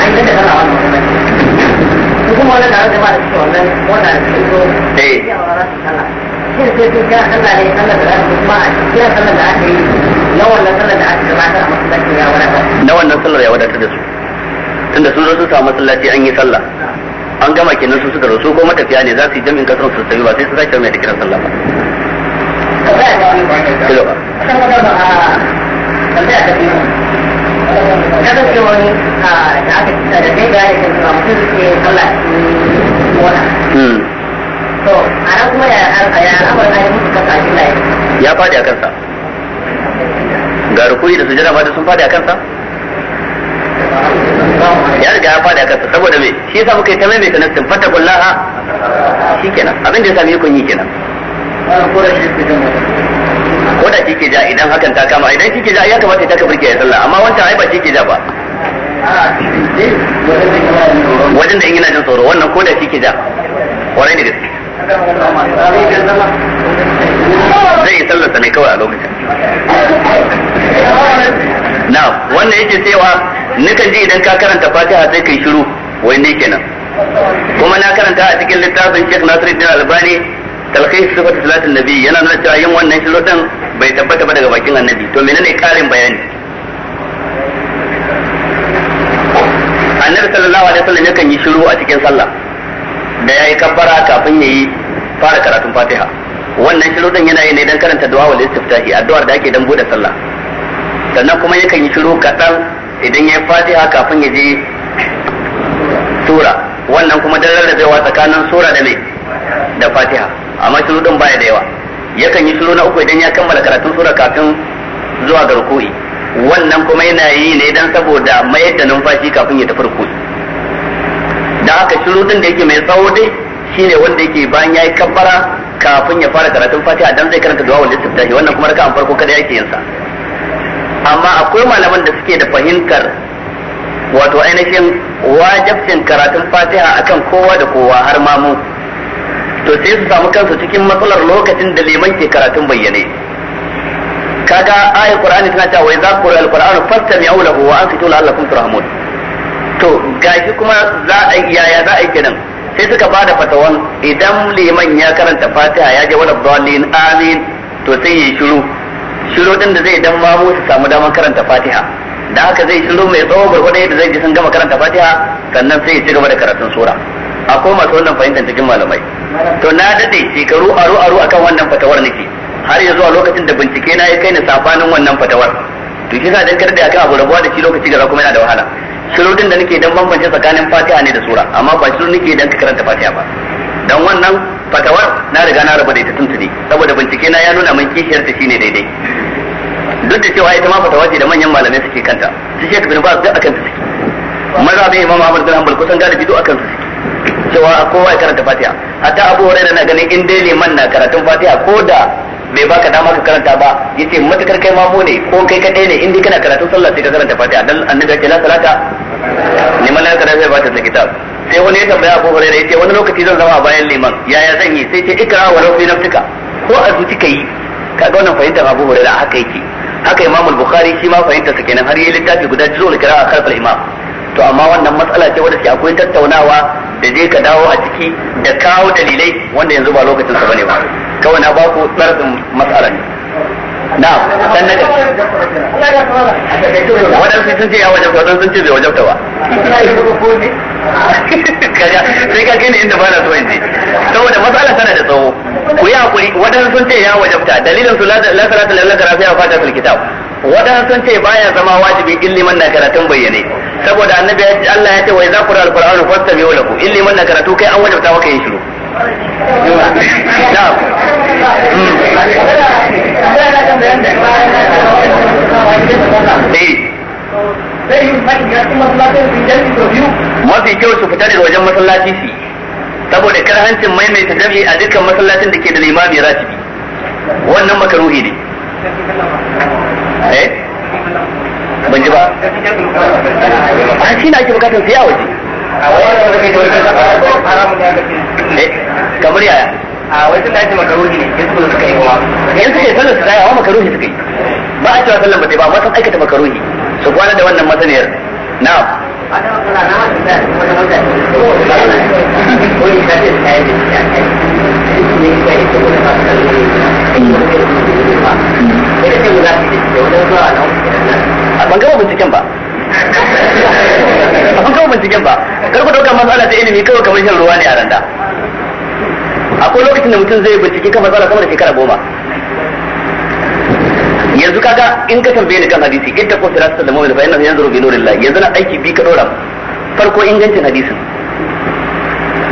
aida da sallah wannan masallaci kuma wannan da jama'a da suke wannan wannan da suke zo eh ya wa rasu sallah shin sai sun kira sallah ne sallar da aka kuma kira sallar da yi na wannan sallar da aka gabatar a masallacin ya wadatar na wannan sallar ya wadatar da su tunda sun zo sun samu masallaci an yi sallah an gama kenan su suka rasu ko matafiya ne za su yi jami'in kasar su tafi ba sai su sake mai da kiran sallah ba kilo da zai da ya faɗi a kansa ga rukuri da sujada ma sun faɗi a kansa ya riga ya faɗi a kansa saboda me shi yasa muka yi ta maimaita na sun fata kullaha shi kenan abin da ya sami kun yi kenan ko da shi ke ja idan hakan ta kama idan shi ke ja ya kamata ta kafirke ya sallah amma wancan ai ba shi ke ja ba wajen da in yana jin tsoro wannan ko da shi ke ja kwarai da gaske zai yi sallarsa ne kawai a lokacin na wannan yake cewa nukan ji idan ka karanta fatiha sai kai shiru wai ne kenan kuma na karanta a cikin littafin Sheikh Nasiruddin Albani talkhis sifat salatin nabi yana nuna cewa yin wannan shiru din bai tabbata ba daga bakin annabi to menene karin bayani annabi sallallahu alaihi wasallam yakan yi shiru a cikin sallah da ya yi kabbara kafin ya yi fara karatun Fatiha wannan shiru din yana yi ne don karanta duwa wa istiftahi addu'ar da ake don bude sallah sannan kuma yakan yi shiru kaɗan idan ya yi Fatiha kafin ya je sura wannan kuma da rarrabewa tsakanin sura da mai da Fatiha amma shiru din baya da yawa yakan yi shiru na uku idan ya kammala karatun sura kafin zuwa ga ruku'i wannan kuma yana yi ne don saboda mayar da numfashi kafin ya tafi ruku'i da haka shiru din da yake mai tsawo dai shine wanda yake bayan yayi kabbara kafin ya fara karatun Fatiha dan zai karanta du'a wal istiftahi wannan kuma raka'an farko kada yake yin sa amma akwai malaman da suke da fahimtar wato ainihin wajibcin karatun Fatiha akan kowa da kowa har ma mu to sai su samu kansu cikin matsalar lokacin da liman ke karatun bayyane kaga ayar qur'ani tana cewa wa idza quri'a al-qur'anu fastami'u lahu wa ansitu la'allakum turhamun to gashi kuma za a yaya za a yi kenan sai suka ba da fatawan idan liman ya karanta fatiha ya je wala dalin amin to sai yi shiru shiru din da zai dan mu su samu daman karanta fatiha da haka zai shiru mai tsawo gurgurda yadda zai ji sun gama karanta fatiha sannan sai ya ci gaba da karatun sura koma masu wannan fahimtar cikin malamai to na dade shekaru aru-aru aro akan wannan fatawar nake har yanzu a lokacin da bincike na ya kai ni sabanin wannan fatawar to shi yasa dan kar da aka abu rabuwa da shi lokaci gaza kuma yana da wahala shirudin da nake dan bambance tsakanin fatiha ne da sura amma ba shiru nake dan karanta fatiha ba dan wannan fatawar na riga na raba da ita tuntuni saboda bincike na ya nuna min kishiyar ta shine daidai duk da cewa ita ma fatawa ce da manyan malamai suke kanta shi shek bin ba su akan su suke maza bai imam ahmad bin hanbal kusan galibi duk akan su suke cewa kowa ya karanta fatiha hatta abu hurairah na ganin in dai liman na karatun fatiha ko da bai baka dama ka karanta ba yace matakar kai mamu ne ko kai ka dai ne indai kana karatu sallah sai ka karanta fati dan annabi ya la salata liman la ba ta fatiha kitab sai wani ya tambaya Abu Hurairah yace wani lokaci zan zama a bayan liman yaya zan yi sai ce ikra wa rabbi nafsika ko a zuci kai ka ga wannan fahimtar Abu Hurairah haka yake haka Imam Bukhari shi ma fahimtar sa kenan har yayi littafi guda jizo da kira a kalfal imam to amma wannan matsala ce wadda ke akwai tattaunawa da je ka dawo a ciki da kawo dalilai wanda yanzu ba lokacin sa bane ba kawai na ba ku tsarkin mas'ala ne na dan na waɗansu sun ce ya wajabta waɗansu sun ce bai wajabta ba kaga sai ka gani inda ba so in je saboda matsala tana da tsawo ku yi hakuri waɗansu sun ce ya wajabta dalilin su la salata lillahi ya fata sul kitab waɗansu sun ce baya zama wajibi illiman na karatun bayyane saboda annabi Allah ya ce wai za alquran da alqur'anu fastami'u lahu illiman na karatu kai an wajabta maka yin shiru eh. mafi kyau su fita daga wajen masallaci su saboda karhancin maimaita jami a dukkan masallacin da ke da limami ratibi wannan makaruhi ne eh ban ji ba a shi na ake bukatar sai a waje kamar yaya a wai sun dace makaruhi ne yanzu suka yi kuma yanzu sallar su makaruhi suka yi ba a cewa sallar ba ta ba amma sun aikata makaruhi su kwana da wannan masaniyar na'am ban gama binciken ba ban gama binciken ba kar ku dauka matsala ta ilimi kawai kamar shan ruwa ne a randa akwai lokacin da mutum zai bincike kan matsala sama da shekara goma yanzu kaga in ka tambaye ni kan hadisi in ta ko sirasa da mawai da fa'ina yanzu rubi nurillah yanzu na aiki bi ka dora farko ingancin hadisin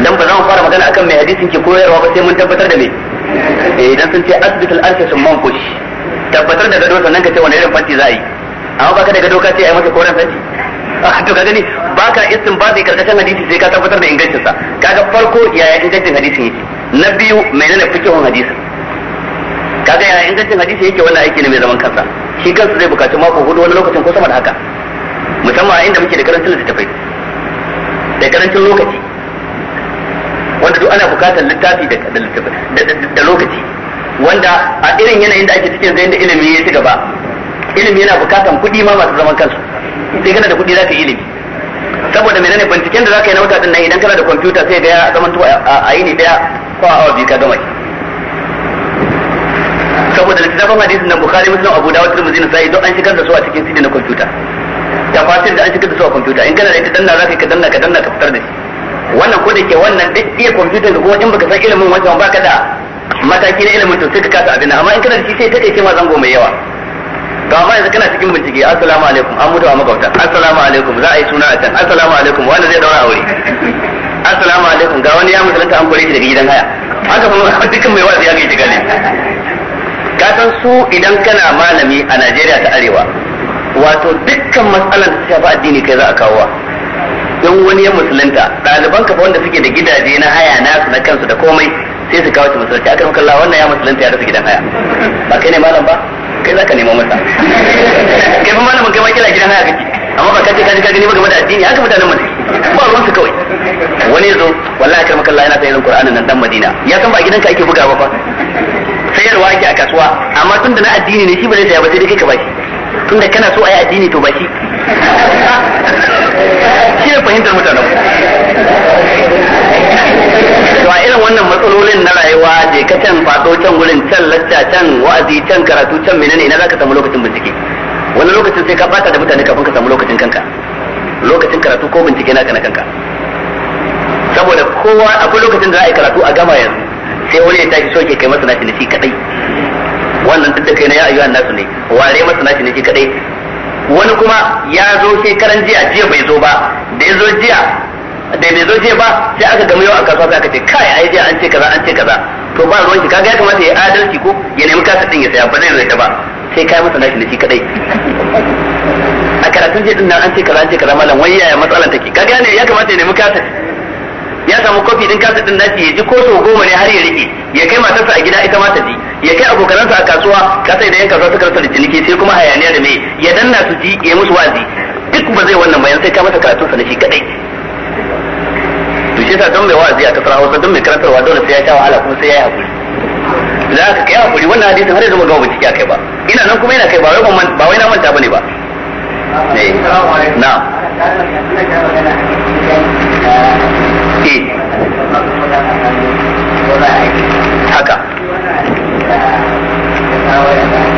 dan ba za mu fara magana akan mai hadisin ke koyarwa ba sai mun tabbatar da me eh idan sun ce al arsh sun mankush tabbatar da gado sannan ka ce wani irin fanti za a yi amma baka da gado ka ce ai masa koren fanti ah, to ka gani baka zai karkashin hadisi sai ka tabbatar da ingancin sa kaga farko yaya ingancin hadisin yake na biyu menene fikihun hadisin kaga yaya ingancin hadisi yake wannan aiki ne mai zaman kansa shi kansa zai bukaci mako hudu wani lokacin ko sama da haka musamman a inda muke da karancin littattafai da karancin lokaci wanda duk ana bukatar littafi da lokaci wanda a irin yanayin da ake cikin zai da ilimi ya ci gaba ilimi yana bukatan kuɗi ma masu zaman kansu sai kana da kuɗi za ka yi ilimi saboda menene binciken da za ka yi na wata dinnan nan idan kana da kwamfuta sai ga ya zaman a yini daya ko a awa biyu ka gama saboda littafin hadisin nan bukari muslim abu dawud tirmidhi sai don an shigar da su a cikin sidi na kwamfuta tafasir da an shigar da su a kwamfuta in kana da ita danna za yi ka danna ka danna ka fitar da shi wannan ko da ke wannan duk iya kwamfutar ko in baka san ilimin wancan baka da mataki na ilimin to sai ka kasa abin amma in kana da shi sai ta kai ma zango mai yawa to amma yanzu kana cikin bincike assalamu alaikum an mutu a magauta assalamu alaikum za a yi suna a can assalamu alaikum wanda zai daura aure assalamu alaikum ga wani ya musulunta an kore shi daga gidan haya haka fa dukkan mai wa'azi ya gaji shiga ne ka san su idan kana malami a Najeriya ta arewa wato dukkan matsalar ta shafi addini kai za a kawo don wani ya musulunta ɗaliban ka wanda suke da gidaje na haya na su na kansu da komai sai su kawo shi musulunci aka maka kalla wannan ya musulunta ya rasa gidan haya ba kai ne malam ba kai za ka nemo masa kai fa malamin kai ma kira gidan haya kake amma ba kace kaji ka ji ka gani ba game da addini haka mutanen mu ba ruwan su kawai wani yazo wallahi kar maka Allah yana sayin Qur'anin nan dan Madina ya san ba gidanka ake bugawa ba sayarwa ake a kasuwa amma tun da na addini ne shi ba zai ta ba sai dai kai ka bashi tunda kana so a yi addini to baki shi ne fahimtar mutanen to a irin wannan matsalolin na rayuwa je ka can fado can gurin can lacca can wa'azi can karatu can menene ina zaka samu lokacin bincike wani lokacin sai ka bata da mutane kafin ka samu lokacin kanka lokacin karatu ko bincike naka na kanka saboda kowa akwai lokacin da za a yi karatu a gama yanzu sai wani ya tashi soke kai masa nashi na shi kadai wannan duk da kai na ya ayyuhan nasu ne ware masa nashi ne shi kadai wani kuma ya zo shekaran jiya jiya bai zo ba da ya zo jiya da bai zo jiya ba sai aka gama yau a kasuwa sai aka ce kai ai jiya an ce kaza an ce kaza to ba ruwan shi kaga ya kamata ya adalci ko ya nemi kasa din ya saya ba zai rage ba sai kai masa nashi ne shi kadai a karatun jiya din nan an ce kaza an ce kaza malam wai yaya matsalan take kaga ne ya kamata ya nemi kasa ya samu kofi din kasa din nashi ya ji ko sau goma ne har ya rike ya kai matarsa a gida ita ma ta ji ya kai abokanansa a kasuwa kasa idan yan kasuwa suka rasa da sai kuma hayaniya da me ya danna su ji ya musu wazi duk ba zai wannan bayan sai ka masa karatun sa shi kadai to shi yasa don mai wazi a kasar Hausa don mai karantarwa dole sai ya sha wahala kuma sai ya yi hakuri za ka kai hakuri wannan hadisin har yanzu ba gama bincike kai ba ina nan kuma yana kai ba wai ba wai na manta bane ba eh, na eh haka ina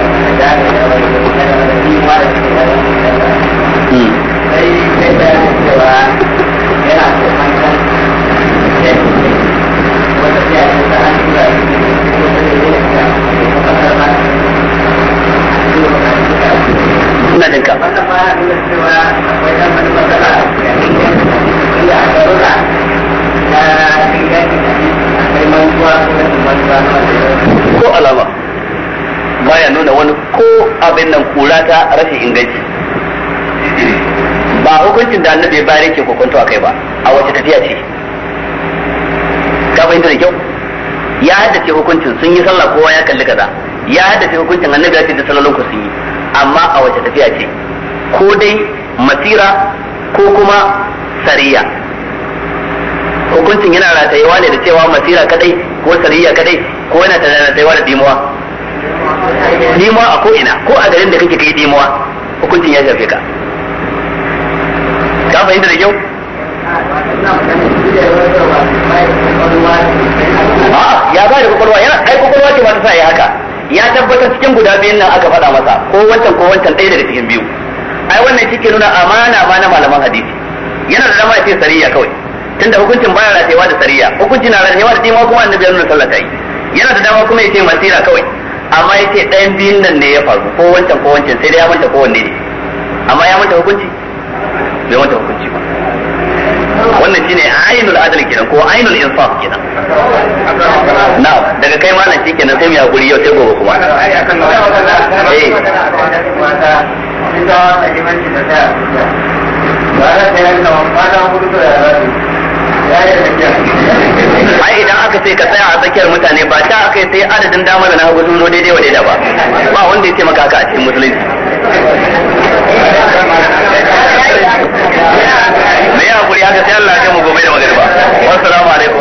ko alama baya nuna wani ko abin nan kura ta rashin inganci ba hukuncin da annabi ya bayar yake hukunta a kai ba a wace tafiya ce ka fahimta da kyau ya haddace hukuncin sun yi sallah kowa ya kalli kaza ya haddace hukuncin annabi ya ce da sallalon ku sun yi amma a wace tafiya ce ko dai masira ko kuma sariya hukuncin yana ratayewa ne da cewa masira kadai ko Sariya kadai ko yana tsayawa da dimuwa dimuwa a ko ina ko a garin da kake kai dimuwa hukuncin ya shafe ka ka fahimta da kyau ya ba da kwakwalwa ya ai kwakwalwa ce ba sa ya haka ya tabbatar cikin guda biyun nan aka faɗa masa ko wancan ko wancan ɗaya daga cikin biyu ai wannan cikin nuna amana ba na malaman hadisi yana da dama ya ce Sariya kawai tunda hukuncin baya ratewa da sariya hukunci na ratewa da dima kuma annabi ya nuna sallah ta yi yana da dama kuma yace masira kawai amma yace ɗayan biyun nan ne ya faru ko wancan ko wancan sai dai ya manta ko wanne ne amma ya manta hukunci bai manta hukunci ba wannan shine ainul adl kenan ko ainul insaf kenan na daga kai malam shi kenan sai mu hakuri yau sai gobe kuma eh da ai idan aka ce ka tsaya a tsakiyar mutane ba ta aka sai adadin dama da na hagu sun zo daidai wa daidai ba ba wanda ya ce maka a cikin musulunci me ya haƙuri aka sai Allah ya mu gobe da magariba wasu alaikum